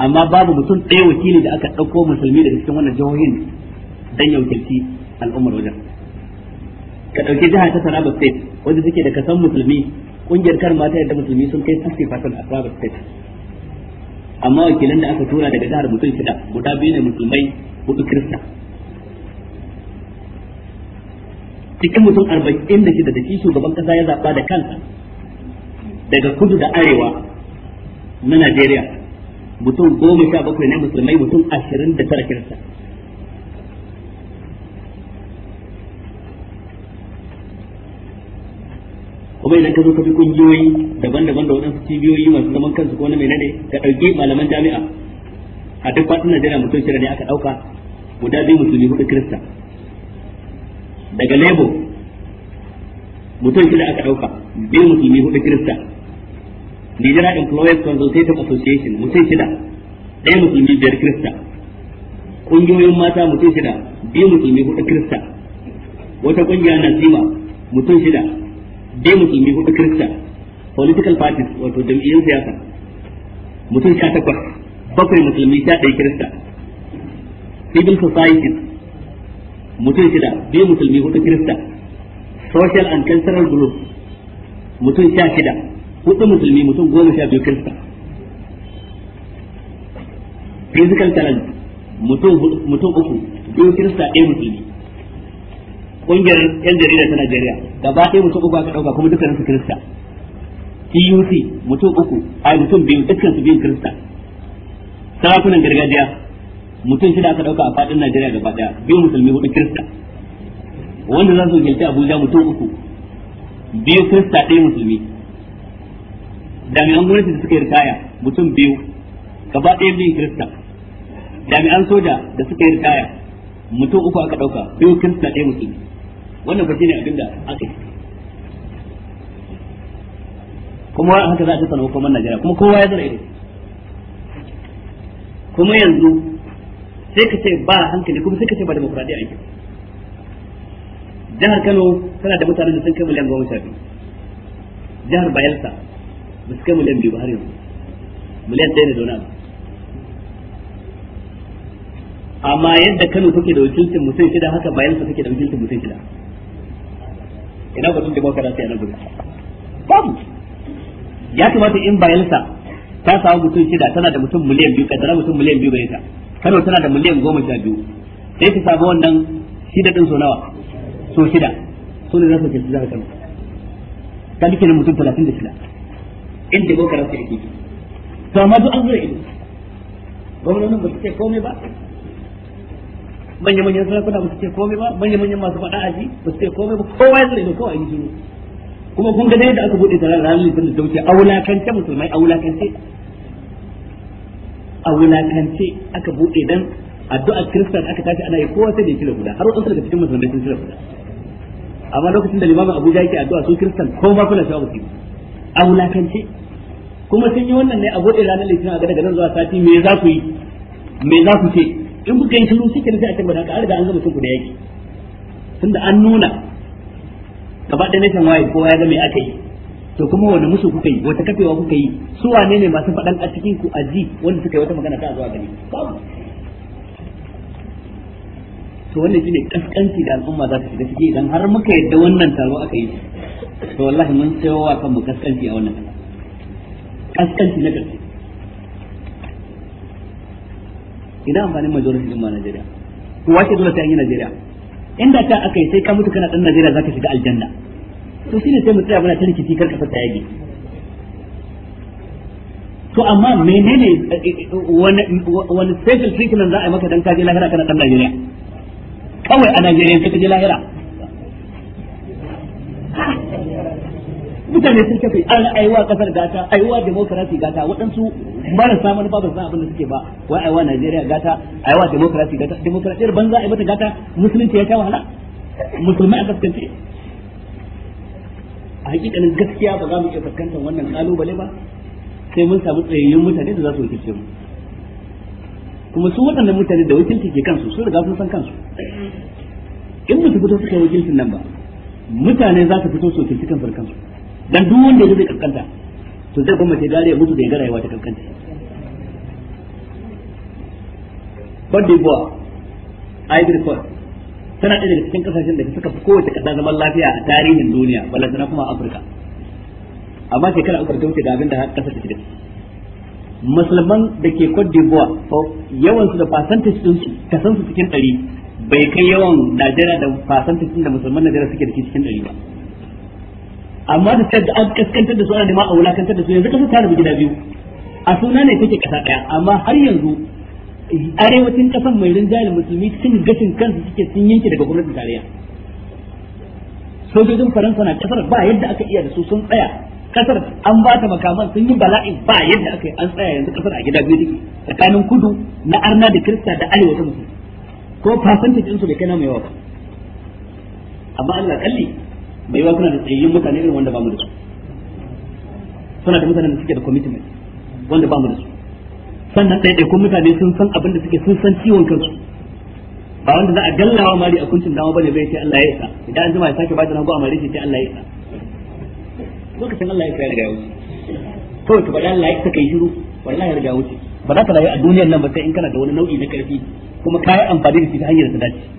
amma babu mutum ɗaya wakili da aka ɗauko musulmi daga cikin wannan jihohin dan ya wakilci al'ummar wajen ka ɗauki jiha ta Sanaba State wanda take da kasan musulmi kungiyar kan mata yadda musulmi sun kai 60% a Sanaba State amma wakilan da aka tura daga jihar mutum shida guda biyu ne musulmai hudu kirista cikin mutum arba'in da shida da shi shugaban kasa ya zaɓa da kansa daga kudu da arewa na Najeriya mutum goma sha bakwai ne musulmai mutum ashirin da tara kirista kuma idan ka zo ka bi kungiyoyi daban-daban da waɗansu cibiyoyi masu zaman kansu ko na mai menene ka ɗauki malaman jami'a a duk fatin Najeriya mutum shirya ne aka ɗauka guda biyu musulmi hudu kirista daga lebo mutum shirya aka ɗauka biyu musulmi hudu kirista Nigeria Employers Consultative Association mutum shida ɗaya musulmi biyar Kirista ƙungiyoyin mata mutum shida biyu musulmi hudu Kirista wata ƙungiya na Nasima mutum shida biyu musulmi hudu Kirista political parties wato jam'iyyar siyasa mutum sha takwas bakwai musulmi sha ɗaya Kirista civil societies mutum shida biyu musulmi hudu Kirista social and cultural groups mutum sha shida hudu musulmi mutum goma sha biyu kirista physical talent mutum uku biyu kirista ɗaya musulmi ƙungiyar yan jarida ta Najeriya gaba ɗaya mutum uku aka ɗauka kuma dukkan su kirista TUC mutum uku a mutum biyu dukkan su biyu kirista sarakunan gargajiya mutum shida aka ɗauka a faɗin Najeriya gaba ɗaya biyu musulmi hudu kirista wanda za su gilta Abuja mutum uku biyu kirista ɗaya musulmi jami'an gwamnati da suka yi ritaya mutum biyu gaba ɗaya biyu kirista jami'an soja da suka yi ritaya mutum uku aka ɗauka biyu kirista ɗaya mutum wannan fa ne abinda aka yi kuma haka za a ci sanokoman Najeriya kuma kowa ya zara ido kuma yanzu sai ka ce ba hankali kuma sai ka ce ba demokuraɗiyya ake jihar Kano tana da mutanen da sun kai miliyan goma sha biyu jihar Bayelsa ba su kai miliyan biyu ba har yanzu miliyan ɗaya ne da ba. abu amma yadda kano take da wakilcin mutum shida haka bayan su take da wakilcin mutum shida ina batun demokarasi a yana gudu babu ya kamata in bayansa ta samu mutum shida tana da mutum miliyan biyu kaddara mutum miliyan biyu bai ta kano tana da miliyan goma sha biyu sai ta samu wannan shida ɗin so nawa so shida su ne za su ke su za kano kan duke mutum talatin da shida in demokarasi da kiki to amma duk an zura ido gwamnonin ba su ce komai ba manya-manyan sarakuna ba su ce komai ba manya-manyan masu faɗa aji ba su ce komai ba kowa ya zura ido kawai yi shiru kuma kun ga dai da aka bude da ranar litinin da wuce a wulakance musulmai a wulakance a wulakance aka bude dan addu'a kristan aka tashi ana yi kowa sai da kira guda har wasu daga cikin musulmai sun kira guda amma lokacin da limamin abuja yake addu'a su kristan ko ma kuna shawo su a wulakance kuma sun yi wannan ne a gode ranar litinin a ga daga nan zuwa sati me za ku yi me za ku ce in kuka yi shiru cikin sai a ce ba da an gama sun ku da yaki tunda an nuna gaba ɗaya nation waye kowa ya zama me aka yi to kuma wani musu kuka yi wata kafewa kuka yi su wane ne masu faɗan a cikin ku a ji wanda suka yi wata magana ta zuwa gani to wannan shine kaskanci da al'umma za su shiga ciki idan har muka yadda wannan taro aka yi to wallahi mun sayo wa kan mu kaskanci a wannan kasa kaskanci na gaske ina amfanin majority din ma Najeriya to wace dole ta an yi Najeriya inda ta akai sai ka mutu kana dan Najeriya zaka shiga aljanna to shine sai mu tsaya muna tarkici kar kasa ta yage to amma menene wani special treatment za a yi maka dan je lahira kana dan Najeriya kawai a Najeriya sai ka je lahira mutane sun kafe an aiwa kasar gata aiwa demokrasi gata waɗansu mara samun ba san abin da suke ba wai aiwa Najeriya gata aiwa demokrasi gata demokrasiyar banza ai mata gata musulunci ya kawo hala musulmai a gaskance a hakikalin gaskiya ba za mu iya fuskantar wannan kalubale ba sai mun samu tsayayyun mutane da za su wakilce mu kuma su waɗannan mutane da wakilci ke kansu su riga sun san kansu in ba su fito suka yi wakilcin nan ba mutane za su fito su wakilci kansu da kansu dan duk wanda ya zai kankanta to zai ce dare mutu da ya ga ta kankanta Cote d'Ivoire, Ivory Coast, tana ɗaya daga cikin kasashen da suka fi kowace ƙasa zaman lafiya a tarihin duniya, tana kuma Afirka. Amma shekara uku da wuce ga abin da ƙasar ta ciki. Musulman da ke Cote d'Ivoire, yawan su da fasantis ɗin su, kasan su cikin ɗari, bai kai yawan Najeriya da fasantis ɗin da musulman Najeriya suke da cikin ɗari ba. amma da sai an kaskantar da su ana nema a wulakantar da su yanzu kasar ta rabu gida biyu a suna ne take kasa daya amma har yanzu arewacin kasan mai rinjali musulmi cikin gashin kansu suke sun yanke daga gwamnatin tarayya sojojin faransa na kasar ba yadda aka iya da su sun tsaya kasar an ba ta makaman sun yi bala'i ba yadda aka yi an tsaya yanzu kasar a gida biyu take tsakanin kudu na arna da kirista da arewa ta musulmi ko fasantin insu bai kai na mai yawa ba amma Allah kalli baiwa kuna da tsayayyun mutane irin wanda ba mu da su suna da mutanen da suke da commitment wanda ba mu da su sannan ɗaiɗaikun mutane sun san abin da suke sun san ciwon kansu ba wanda za a gallawa mari a kuncin dama bane bai ce Allah ya isa idan an jima ya sake bada nago a mari ce Allah ya isa lokacin Allah ya isa ya riga ya wuce kawai ka faɗa Allah ya isa kai shiru wallahi ya riga ya wuce ba za ka rayu a duniyar nan ba sai in kana da wani nau'i na karfi kuma ka yi amfani da shi ta hanyar da ta dace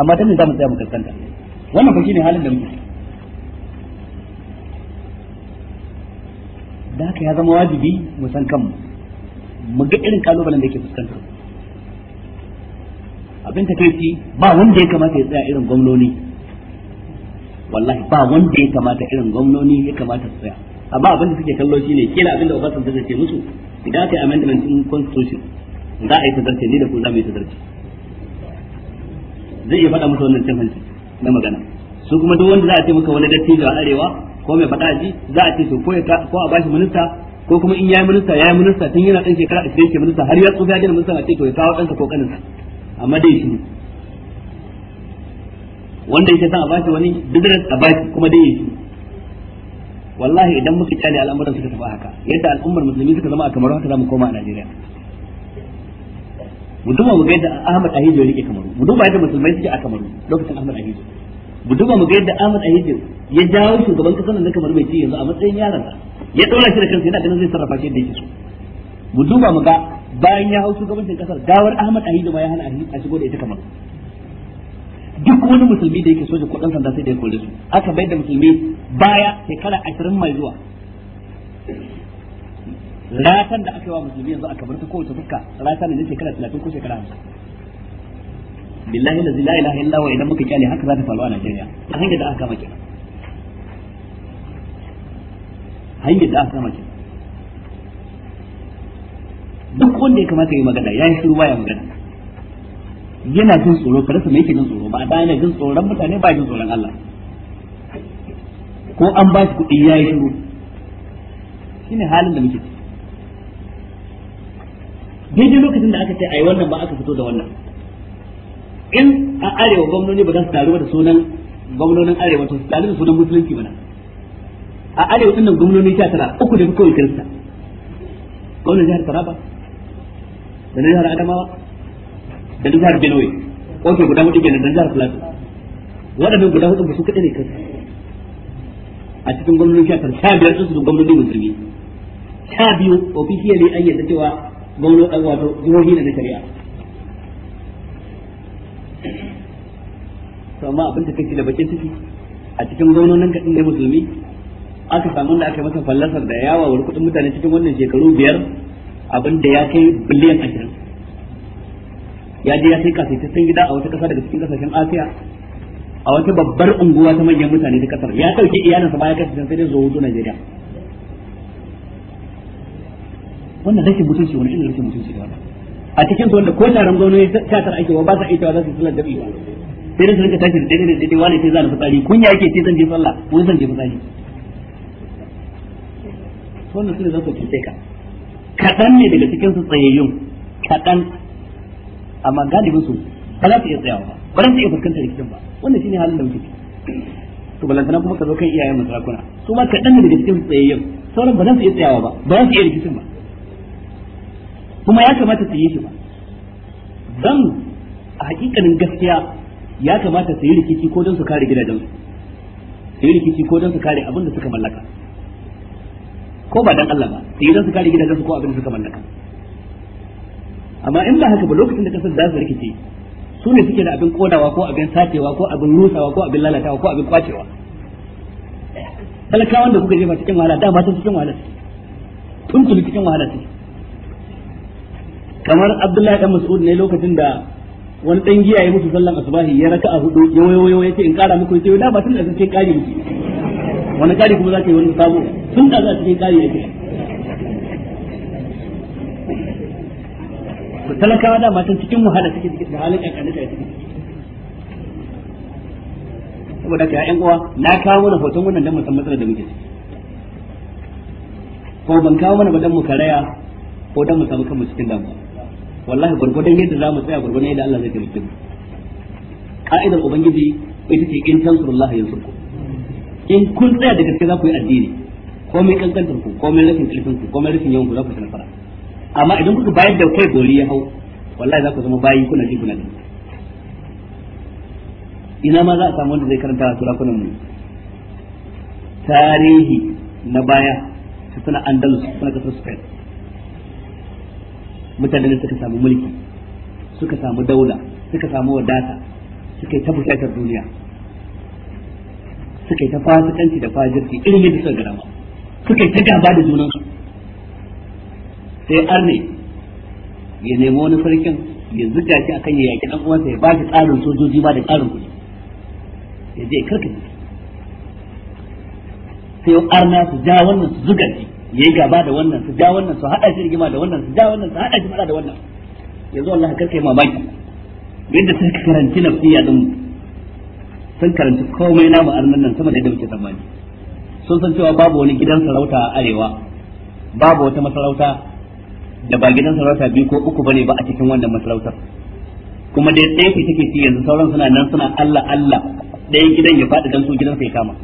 amma dan za mu tsaya mu kaskanta wannan ko shine halin da muke da haka ya zama wajibi mu san kanmu mu ga irin kalubalen da yake fuskanta abin ta kai ba wanda ya kamata ya tsaya irin gwamnoni wallahi ba wanda ya kamata irin gwamnoni ya kamata su tsaya amma abin da suke kallo shine kila abin da Obasanjo zai ce musu idan aka yi amendment in constitution za a yi tazarce ni da ku za mu yi tazarce zai iya faɗa musu wannan cin hanci na magana su kuma duk wanda za a ce maka wani dattijo a arewa ko mai faɗa ji za a ce to ko ko a bashi minista ko kuma in yayi minista yayi minista tun yana ɗan shekara 20 ke minista har ya tsufa ya gina minista a ce to ya kawo ɗansa ko ƙaninsa amma dai shi wanda yake son a bashi wani business a bashi kuma dai yake wallahi idan muka kyale al'amuran suka tafi haka yadda al'ummar musulmi suka zama a kamar haka zamu koma a Najeriya mu duba mu ga yadda Ahmad Ahijo yake kamaru mu duba yadda musulmai suke a kamaru lokacin Ahmad Ahijo mu duba mu ga yadda Ahmad Ahijo ya jawo shugaban kasar nan kamar mai ci yanzu a matsayin yaron sa ya dora shi da kansa yana ganin zai sarrafa shi yadda yake so mu duba mu ga bayan ya hau shugabancin kasar gawar Ahmad Ahijo ma ya hana a shigo da ita kamaru duk wani musulmi da yake soja ko sanda sai da ya kore su aka bai da musulmi baya shekara 20 mai zuwa ratan da aka yi wa musulmi yanzu aka bar ta kowace fuska rata ne na shekara talatin ko shekara hamsin billahi la ilaha illa lawa idan muka kyale haka za ta faru a Najeriya a hanyar da aka kama kenan hanyar da aka kama kenan duk wanda ya kamata yi magana ya yi shiru ya magana yana jin tsoro ka rasa ma yake jin tsoro ba da yana jin tsoron mutane ba jin tsoron Allah ko an ba shi kuɗi ya yi shiru shine halin da muke ciki daidai lokacin da aka ce ai wannan ba aka fito da wannan in a arewa gwamnoni ba za su taru da sunan gwamnonin arewa to su taru da sunan musulunci ba a arewa din nan gwamnoni sha tara uku da kawai kirista gwamnan jihar taraba da jihar adamawa da jihar benue ok guda hudu kenan da jihar plateau waɗannan guda hudu ba su kaɗai ne kirista a cikin gwamnonin sha tara sha biyar su gwamnonin musulmi sha biyu officially an yadda cewa gwamno eh, wato jihohi na shari'a to amma abin da kake da bakin ciki a cikin nan kadin da musulmi aka samu da aka masa fallasar da yawa wani kudin mutane cikin wannan shekaru biyar abin da ya kai biliyan ashirin ya je ya sai kasaitaccen gida a wata kasa daga cikin kasashen asiya a wata babbar unguwa ta manyan mutane ta kasar ya ɗauki iyalinsa baya kasashen sai dai zuwa hudu najeriya wannan rashin mutunci wani irin rashin mutunci da wannan a cikin su wanda ko taron gwamnati ta tar ake wa ba za a yi tawa za su sallar da biyu sai da su rinka tashi da dare da daidai wani sai za fitsari kunya yake sai zan je sallah wani zan je fitsari wannan su ne za su kince ka kaɗan ne daga cikin su tsayayyun kaɗan amma galibin su ba za su iya tsayawa ba ba za su iya fuskantar rikicin ba wannan shine halin da muke to balantana kuma ka zo kan iyayen masarakuna su ma kaɗan ne daga cikin su tsayayyun sauran ba za su iya tsayawa ba ba za su iya rikicin ba kuma ya kamata su yi shi ba dan a hakikanin gaskiya ya kamata su yi rikici ko don su kare gidajensu su yi rikici ko don su kare abin da suka mallaka ko ba dan Allah ba su yi don su kare gidajensu ko abin da suka mallaka amma in ba haka ba lokacin da kasar za su rikice su ne suke da abin kodawa ko abin sacewa ko abin rusawa ko abin lalatawa ko abin kwacewa talakawan da kuka jefa cikin wahala dama sun cikin wahala tun tuni cikin wahala suke kamar abdullahi dan mas'ud ne lokacin da wani dan giya ya mutu sallan asubahi ya raka'a hudu ya wayo ya ce in kara muku sai da ba tun da kake kari muku wani kari kuma zaka yi wani sabo tun da za ka yi kari yake talakawa da matan cikin wahala take cikin da halin kankanin ta take saboda ka ƴan uwa na kawo mana hoton wannan dan musamman matsalar da muke ciki ko ban kawo mana ba dan mu karaya ko dan mu samu kanmu cikin damuwa wallahi gurgudan yadda za mu tsaya gurgudan yadda Allah zai taimake mu ka'idar ubangiji ita ce in tansurullahi yansurku in kun tsaya da gaske za ku yi addini mai kankantar ku mai rashin kirfin ku mai rashin yawan ku za ku ci nasara amma idan kuka bayar da kai gori ya hau wallahi za ku zama bayi kuna ji kuna ina ma za a samu wanda zai karanta a kunan mu tarihi na baya ta suna andalus suna kasar spain mutanen da suka samu mulki suka samu daula suka samu wadata suka yi ta bukatar duniya suka yi ta fasikanci da fajirci irin yadda suka gara suka yi ta gaba da junansu sai arne ya nemo wani sarkin ya zuta shi akan ya yaki dan uwansa ya ba shi tsarin sojoji ba da tsarin kuɗi ya je karkace sai arna su ja wannan su zuga shi yi gaba da wannan su ja wannan su hada shi rigima da wannan su ja wannan su hada shi fada da wannan yanzu Allah kar kai mamaki yadda sun karanci nafsiya din sun karanci komai na ma'arnan nan sama da yadda muke tsammani sun san cewa babu wani gidan sarauta a arewa babu wata masarauta da ba gidan sarauta biyu ko uku bane ba a cikin wannan masarautar kuma dai ɗaya ku take ci yanzu sauran suna nan suna Allah Allah ɗayan gidan ya faɗi dan su gidan sai kama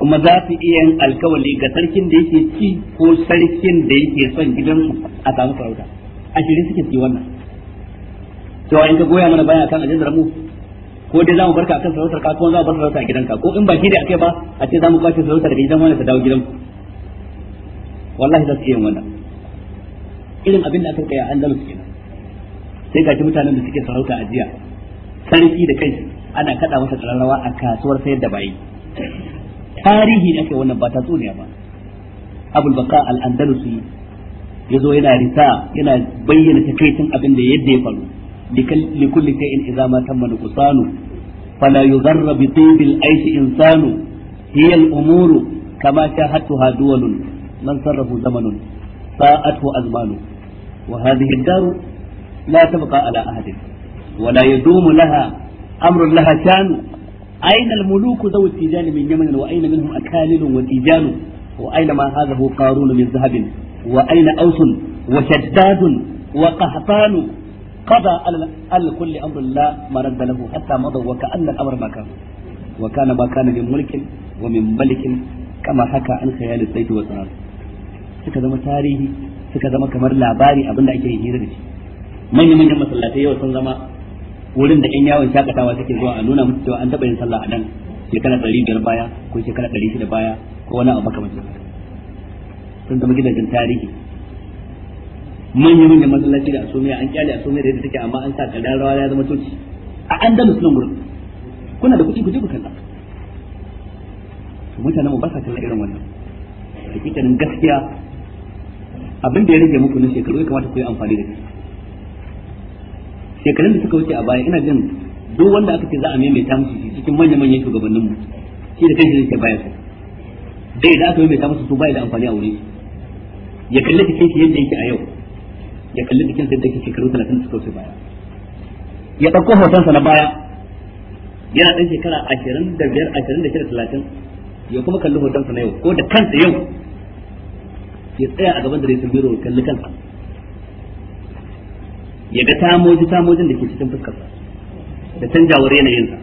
kuma za su iya yin alkawali ga sarkin da yake ci ko sarkin da yake son gidan a samu sarauta a shirin suke ci wannan cewa in ka goya mana baya kan ajiyar mu ko dai za mu barka akan sarautar ka ko za mu bar sarauta a gidanka ko in ba shi da akai ba a ce za mu kwace sarauta daga gidan wani ta dawo gidan wallahi za su iya yin wannan irin abin da aka kai a andalus kenan sai ga mutanen da suke sarauta a jiya sarki da kai ana kada masa kararrawa a kasuwar sayar da bayi tarihi ne ake wannan ba ta tsuniya ba abul baka al andalusi zo yana risa yana bayyana takaicin abin da yadda ya faru likulli shay'in idza ma tamma nuqsanu fala yuzarra bi tibil aishi insanu hiya al umuru kama shahatuha duwalun man sarrafu zamanun sa'atu azmanu wa hadhihi ad-daru la tabqa ala ahadin ولا يدوم Laha? أمر Laha شان أين الملوك ذو التيجان من يمن وأين منهم أكالل وتيجان وأين ما هذا هو قارون من ذهب وأين أوس وشداد وقهطان قضى على كل أمر لا مرد له حتى مضى وكأن الأمر ما كان وكان ما كان من ملك ومن ملك كما حكى عن خيال الزيت والسرار suka zama tarihi suka zama kamar labari abinda ake hira da shi manyan manyan masallatai yau sun zama wurin da yan yawon shakatawa take zuwa a nuna musu cewa an taɓa yin sallah a nan shekara ɗari biyar baya ko shekara ɗari shida baya ko wani abu makamancin sun zama gidajen tarihi manyan manyan masallaci da asumiya an kyale asumiya da yadda take amma an sa kadan rawa ya zama toci a andalus musulun gurin kuna da kuɗi ku je ku kalla mutanen mu ba sa kalla irin wannan hakikanin gaskiya abin da ya rage muku na shekaru ya kamata ku yi amfani da shi shekarun da suka wuce a baya ina jin duk wanda aka ce za a maimaita musu shi cikin manya manyan shugabannin mu shi da kanshi yake baya su dai da aka maimaita musu su bai da amfani a wuri ya kalli cikin shi yadda yake a yau ya kalli cikin sai yadda yake shekaru 30 da suka wuce baya ya dauko hotonsa na baya yana dan shekara 25 26 30 ya kuma kalli hotonsa na yau ko da kansa yau ya tsaya a gaban da sun biro kalli kansa ya ga tamoji tamojin da ke cikin fuskar da canjawar yanayinsa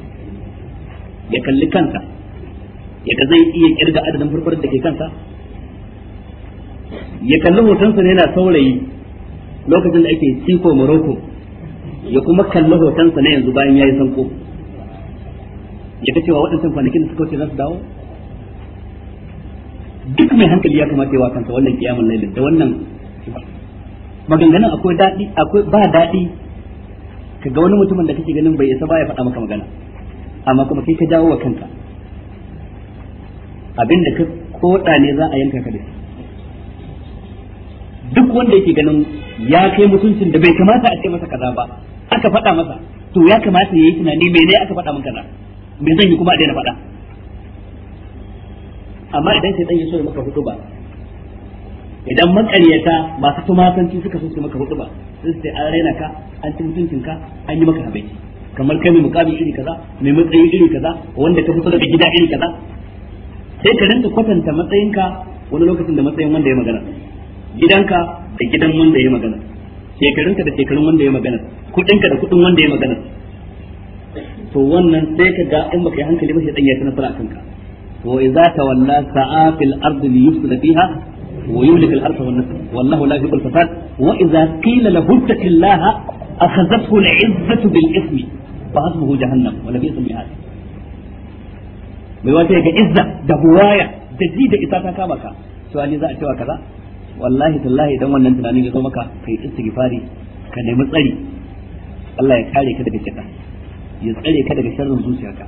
ya kalli kansa ya ga zai iya kirga adadin furfurar da ke kansa ya kalli hotonsa ne yana saurayi lokacin da ake siko morocco ya kuma kalli hotonsa na yanzu bayan ya yi sanko ya ta cewa waɗancan kwanakin da suka wuce za su dawo duk mai hankali ya kamata ya wa kansa wannan kiyamun lailin da wannan maganganun akwai daɗi akwai ba daɗi ka ga wani mutumin da kake ganin bai isa ba ya faɗa maka magana amma kuma kai ka jawo wa kanka abin da ka koɗa ne za a yanka ka da duk wanda yake ganin ya kai mutuncin da bai kamata a ce masa kaza ba aka faɗa masa to ya kamata ya yi tunani mene aka faɗa min kaza me zan yi kuma a daina faɗa amma idan sai dan ya so ya maka hudu ba idan makaryata masu tumatanci suka so su maka hudu ba sun sai an raina ka an ci mutuncin ka an yi maka habai kamar kai mai mukami iri kaza mai matsayi iri kaza wanda ka fito daga gida iri kaza sai ka rinka kwatanta matsayinka wani lokacin da matsayin wanda ya magana gidanka da gidan wanda ya magana shekarunka da shekarun wanda ya magana kudinka da kudin wanda ya magana to wannan sai ka ga in baka yi hankali ba sai dan ya tana fara kanka wa idza tawalla sa'a fil ardi li yufsida fiha ويملك الارض والنسل والله لا يحب الفساد واذا قيل له اتق الله اخذته العزه بالاثم فحسبه جهنم ولبئس المهاد mai wata yaga izza da buwaya da ji da isa ta kama ka to ali za a cewa kaza wallahi tallahi dan wannan tunanin ya zo maka kai istighfari ka nemi tsari Allah ya ya tsare ka daga zuciyarka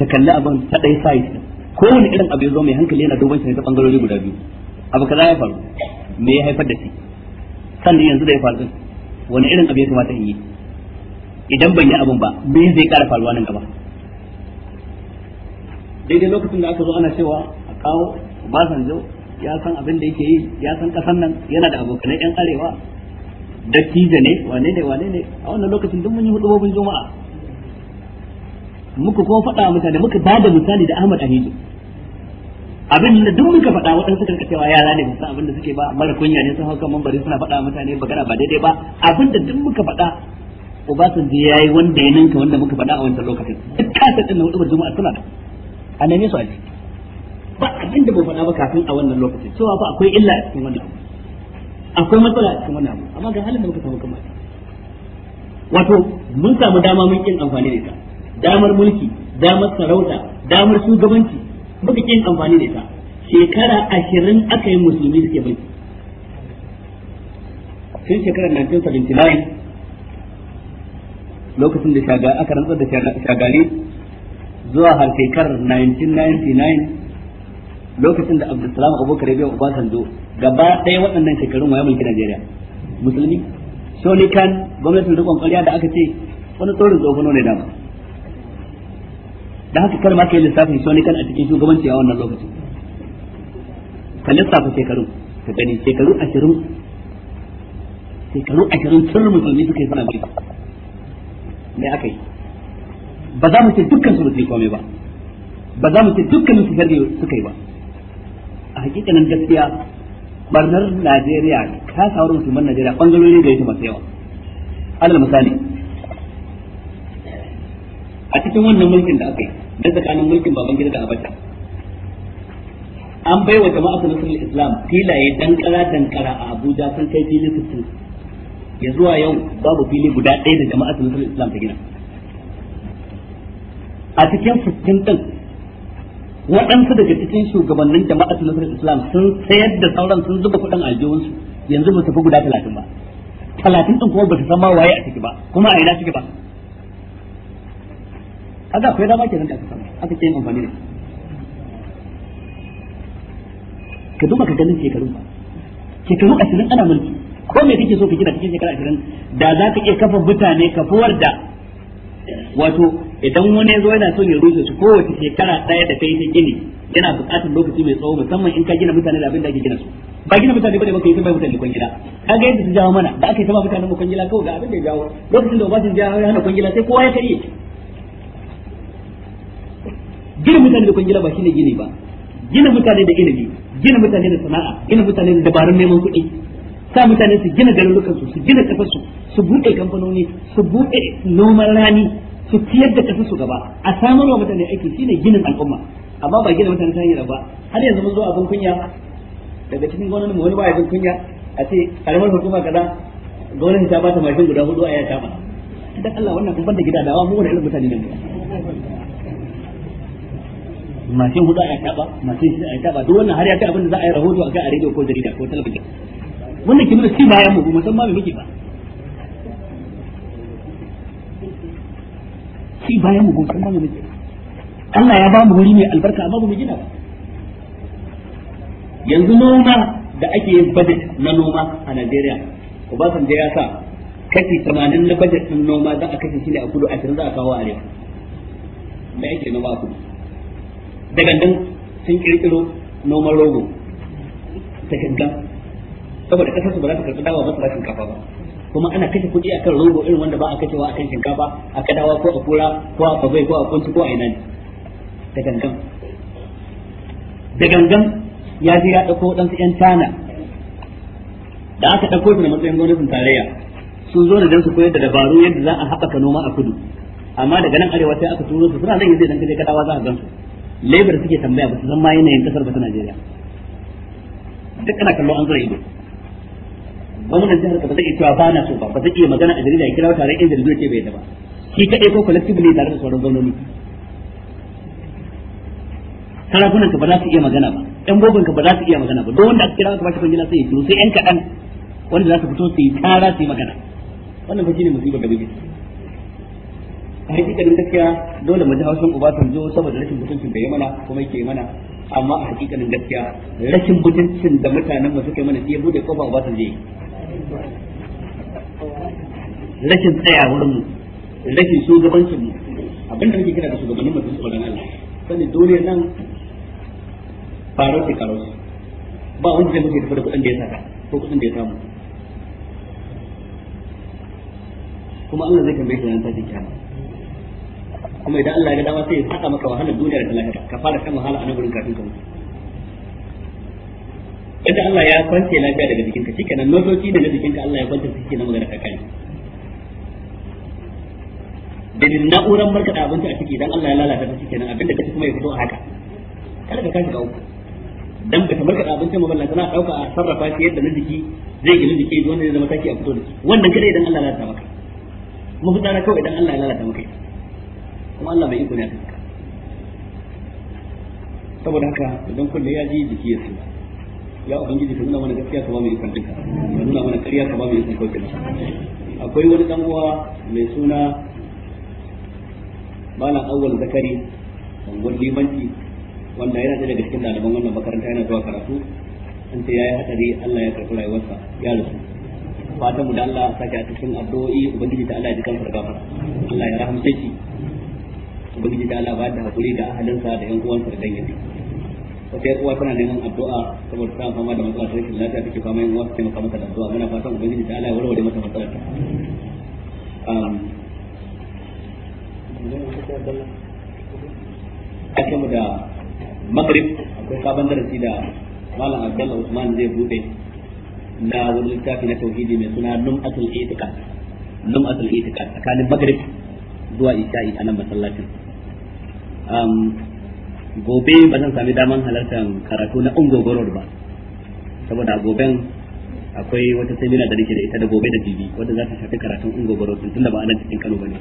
ka kalli abin ta kowane irin abu ya zo mai hankali yana duban shi ne ta bangarori guda biyu abu kaza ya faru me ya haifar da shi sannan yanzu da ya faru wani irin abu ya kamata in yi idan ban yi abin ba me zai kara faruwa nan gaba daidai lokacin da aka zo ana cewa a kawo zo ya san abin da yake yi ya san kasan nan yana da abokanai yan arewa da ne wane ne wane ne a wannan lokacin duk mun yi hudubobin juma'a muka kuma faɗa mutane muka bada misali da Ahmad Ahijo abin da duk muka faɗa waɗansu suka cewa yara ne musa abin da suke ba mara kunya ne sun hauka mambari suna faɗa mutane gara ba daidai ba abin da duk muka faɗa Obasanjo ya yi wanda ya ninka wanda muka faɗa a wancan lokacin duk kasar ɗin na hudu juma'a suna da a neme su aji ba abin da bai faɗa ba kafin a wannan lokacin cewa ba akwai illa a cikin wannan abu akwai matsala a cikin wannan abu amma ga halin da muka samu kamar wato mun samu dama mun yin amfani da ita damar mulki damar sarauta damar shugabanci muka kin amfani da ita shekara ashirin aka yi musulmi suke mulki tun shekarar 1979 lokacin da shaga aka rantsar da shagari zuwa har shekarar 1999 lokacin da abdulsalam abubakar ya biya obasanjo gaba ɗaya waɗannan shekarun waya mulki najeriya musulmi shonikan gwamnatin da ƙwarya da aka ce wani tsorin tsofano ne dama da haka kar ma kai lissafin so ne kan a cikin shugabanci a wannan lokacin ka lissafa shekaru ka gani shekaru ashirin shekaru ashirin sun musulmi suka yi suna bai me aka yi ba za mu ce dukkan su musulmi komai ba ba za mu ce dukkan su sarge suka yi ba a hakikanin gaskiya barnar Najeriya ka sauran musulman Najeriya bangarori da yake masu yawa alal misali a cikin wannan mulkin da aka yi da tsakanin mulkin baban gida da abacha an bai wa jama'a sunan islam filaye dankara dankara a abuja sun kai fili sittin ya zuwa yau babu fili guda ɗaya da jama'a sunan islam ta gina a cikin sittin din waɗansu daga cikin shugabannin jama'a sunan islam sun sayar da sauran sun zuba kuɗin aljihunsu yanzu ba su fi guda talatin ba talatin ɗin kuma ba su san ma waye a ciki ba kuma a ina ciki ba kaga akwai dama kenan da aka samu aka ce amfani ne ka duba ka ganin shekarun ba shekaru ashirin ana mulki ko me kake so ka gina cikin shekara ashirin da za ka iya kafa mutane ka kafuwar da wato idan wani zo yana son ya rushe su kowace shekara ɗaya da kai ta gini yana buƙatar lokaci mai tsawo musamman in ka gina mutane da abin da ake gina su ba gina mutane bane baka yi sun bai mutane kwangila ka ga yadda su jawo mana da aka yi sama mutane mu kwangila kawai ga abin da ya jawo lokacin da ba su jawo ya hana kwangila sai kowa ya karye gina mutane da kwangila ba shine gini ba gina mutane da ilimi gina mutane da sana'a gina mutane da dabarun neman kuɗi sa mutane su gina garurukan su su gina kasar su su buɗe kamfanoni su buɗe noman rani su ciyar da kasar su gaba a samar wa mutane aiki shine ginin al'umma amma ba gina mutane ta hanyar ba har yanzu mun zo abin kunya daga cikin gwamnatin mu wani ba abin kunya a ce karamar hukuma kaza gwamnati ta ba ta mashin guda hudu a yata ba dan Allah wannan kun banda gida dawa mu wani irin mutane ne mashin hudu a taba mashin shida a taba duk wannan har ya kai abin da za a yi rahoto a kai a radio ko jarida ko talabijin wannan kimar shi ba bayan mu musamman mu muke ba ci bayan mu musamman mu muke Allah ya ba mu wuri mai albarka amma ba mu gina ba yanzu noma da ake yin budget na noma a Najeriya da ya sa kashi 80 na budget din noma za a kashe shi ne a kudu 20 za a kawo a arewa me ake noma a kudu daga nan sun kirkiro noman rogo da gangan saboda kasar su ba za ta karɓi dawa masara shinkafa ba kuma ana kashe kuɗi akan rogo irin wanda ba a kashewa akan shinkafa a kadawa ko a kura ko a kwabai ko a kunci ko a ina da gangan da gangan ya je ya ɗauko waɗansu 'yan tana da aka ɗauko su na matsayin gwamnatin tarayya sun zo da don su koyar da dabaru yadda za a haɓaka noma a kudu amma daga nan arewa sai aka turo su suna zan yi zai dan kaje kadawa za a gan su labor suke tambaya ba su san yanayin kasar ba ta Najeriya duk ana kallo an zura ido gwamnan jihar ka ba zai cewa ba na so ba ba zai iya magana a jarida ya kira tare yan jarida ce bai yadda ba shi kaɗai ko collective ne tare da sauran gwamnoni sarakunan ka ba za su iya magana ba yan bobin ka ba za su iya magana ba don wanda aka kira ka ba shi kwangila sai ya shiru sai yan kaɗan wanda za su fito su yi tara su yi magana wannan shi ne musibar da bibi a hakikanin gaskiya dole mu ji haushin zo saboda rashin mutuncin da ya mana kuma yake mana amma a hakikanin gaskiya rashin mutuncin da mutanen mu suka mana sai ya bude kofa zai rashin tsayawar mu rashin shugabancin mu da nake kira da shugabannin mutum dan Allah sani dole nan faro ki karo ba wanda zai muke tafi da kudin da ya saka ko kudin da ya samu kuma Allah zai tambaye shi nan tashin kiyama kuma idan Allah ya dama sai ya saka maka wahalar duniya da lahira ka fara kan wahala a nagurin gurin kafin ka mutu idan Allah ya kwance lafiya daga jikinka shikenan notoci daga jikinka Allah ya kwance shi na magana kakani da barka markaɗa abinci a ciki idan Allah ya lalata ta shikenan abinda kace kuma ya fito a haka kada ka kashi ga uku dan bata markaɗa da abinci mamallan tana dauka a sarrafa shi yadda na jiki zai gina jiki wanda zai zama taki a fito da shi wannan kada idan Allah ya lalata maka mu fitara kawai idan Allah ya lalata maka ita kuma Allah mai iko ne akan haka saboda haka idan kullu ya ji jiki ya tsira ya ubangiji ka nuna mana gaskiya ka ba mu ikon duka ka nuna mana ƙarya ka ba mu ikon kauce akwai wani dan uwa mai suna malam awwal zakari unguwar limanci wanda yana da daga cikin ɗaliban wannan makaranta yana zuwa karatu an ce ya yi hatsari Allah ya karɓi rayuwarsa ya rasu fatan mu da Allah sake a cikin addu'o'i ubangiji ta Allah ya ji kansa da gafara Allah ya rahamce shi ubangiji da Allah ba da hakuri da ahalinsa da yan uwansa da dangin danginsa wata yan uwa tana neman addu'a saboda ta fama da matsalar rashin lafiya take fama yin wasu taimaka mata da addu'a muna fatan ubangiji da Allah ya warware mata matsalar ta ake mu da magrib akwai sabon darasi da malam abdullahi usman zai bude na wani littafi na tauhidi mai suna num'atul itiqad num'atul itiqad tsakanin magrib zuwa isha'i a nan masallacin Um, gobe ba zan sami daman halartar karatu na ungogoror ba saboda goben akwai wata semina da nake da ita da gobe da jibi wanda za ta shafi karatun ungogoror din tunda ba a nan cikin Kano ne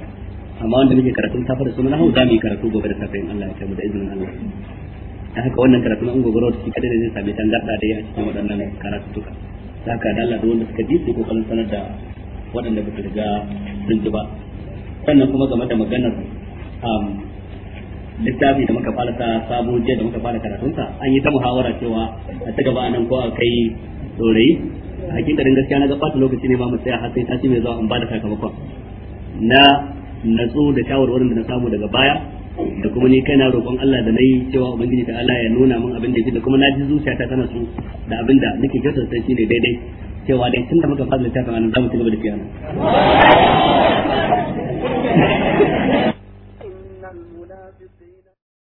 amma wanda nake karatun safa da sunan hau za mu yi karatu gobe da safe in Allah ya kai mu da izinin Allah ta haka wannan karatu na ungogoror shi kadai ne zai sami tangarda da ya cikin waɗannan ta haka da Allah da wanda suka ji su kokarin sanar da waɗanda ba su riga sun ji ba sannan kuma game da maganar um, littafi da muka fara ta sabo jiya da muka fara karatunsa an yi ta muhawara cewa a ta gaba nan ko a kai tsorai a hakikarin gaskiya na gabata lokaci ne ma mu tsaya har sai tashi mai zuwa an ba da sakamakon na natsu da shawarwarin da na samu daga baya da kuma ni kaina roƙon Allah da nayi cewa ubangiji ta Allah ya nuna min abin da yake da kuma na ji ta tana so da abin da nake kyautar sai shi ne daidai cewa dai tunda muka fara littafin nan zamu ci gaba da fiyana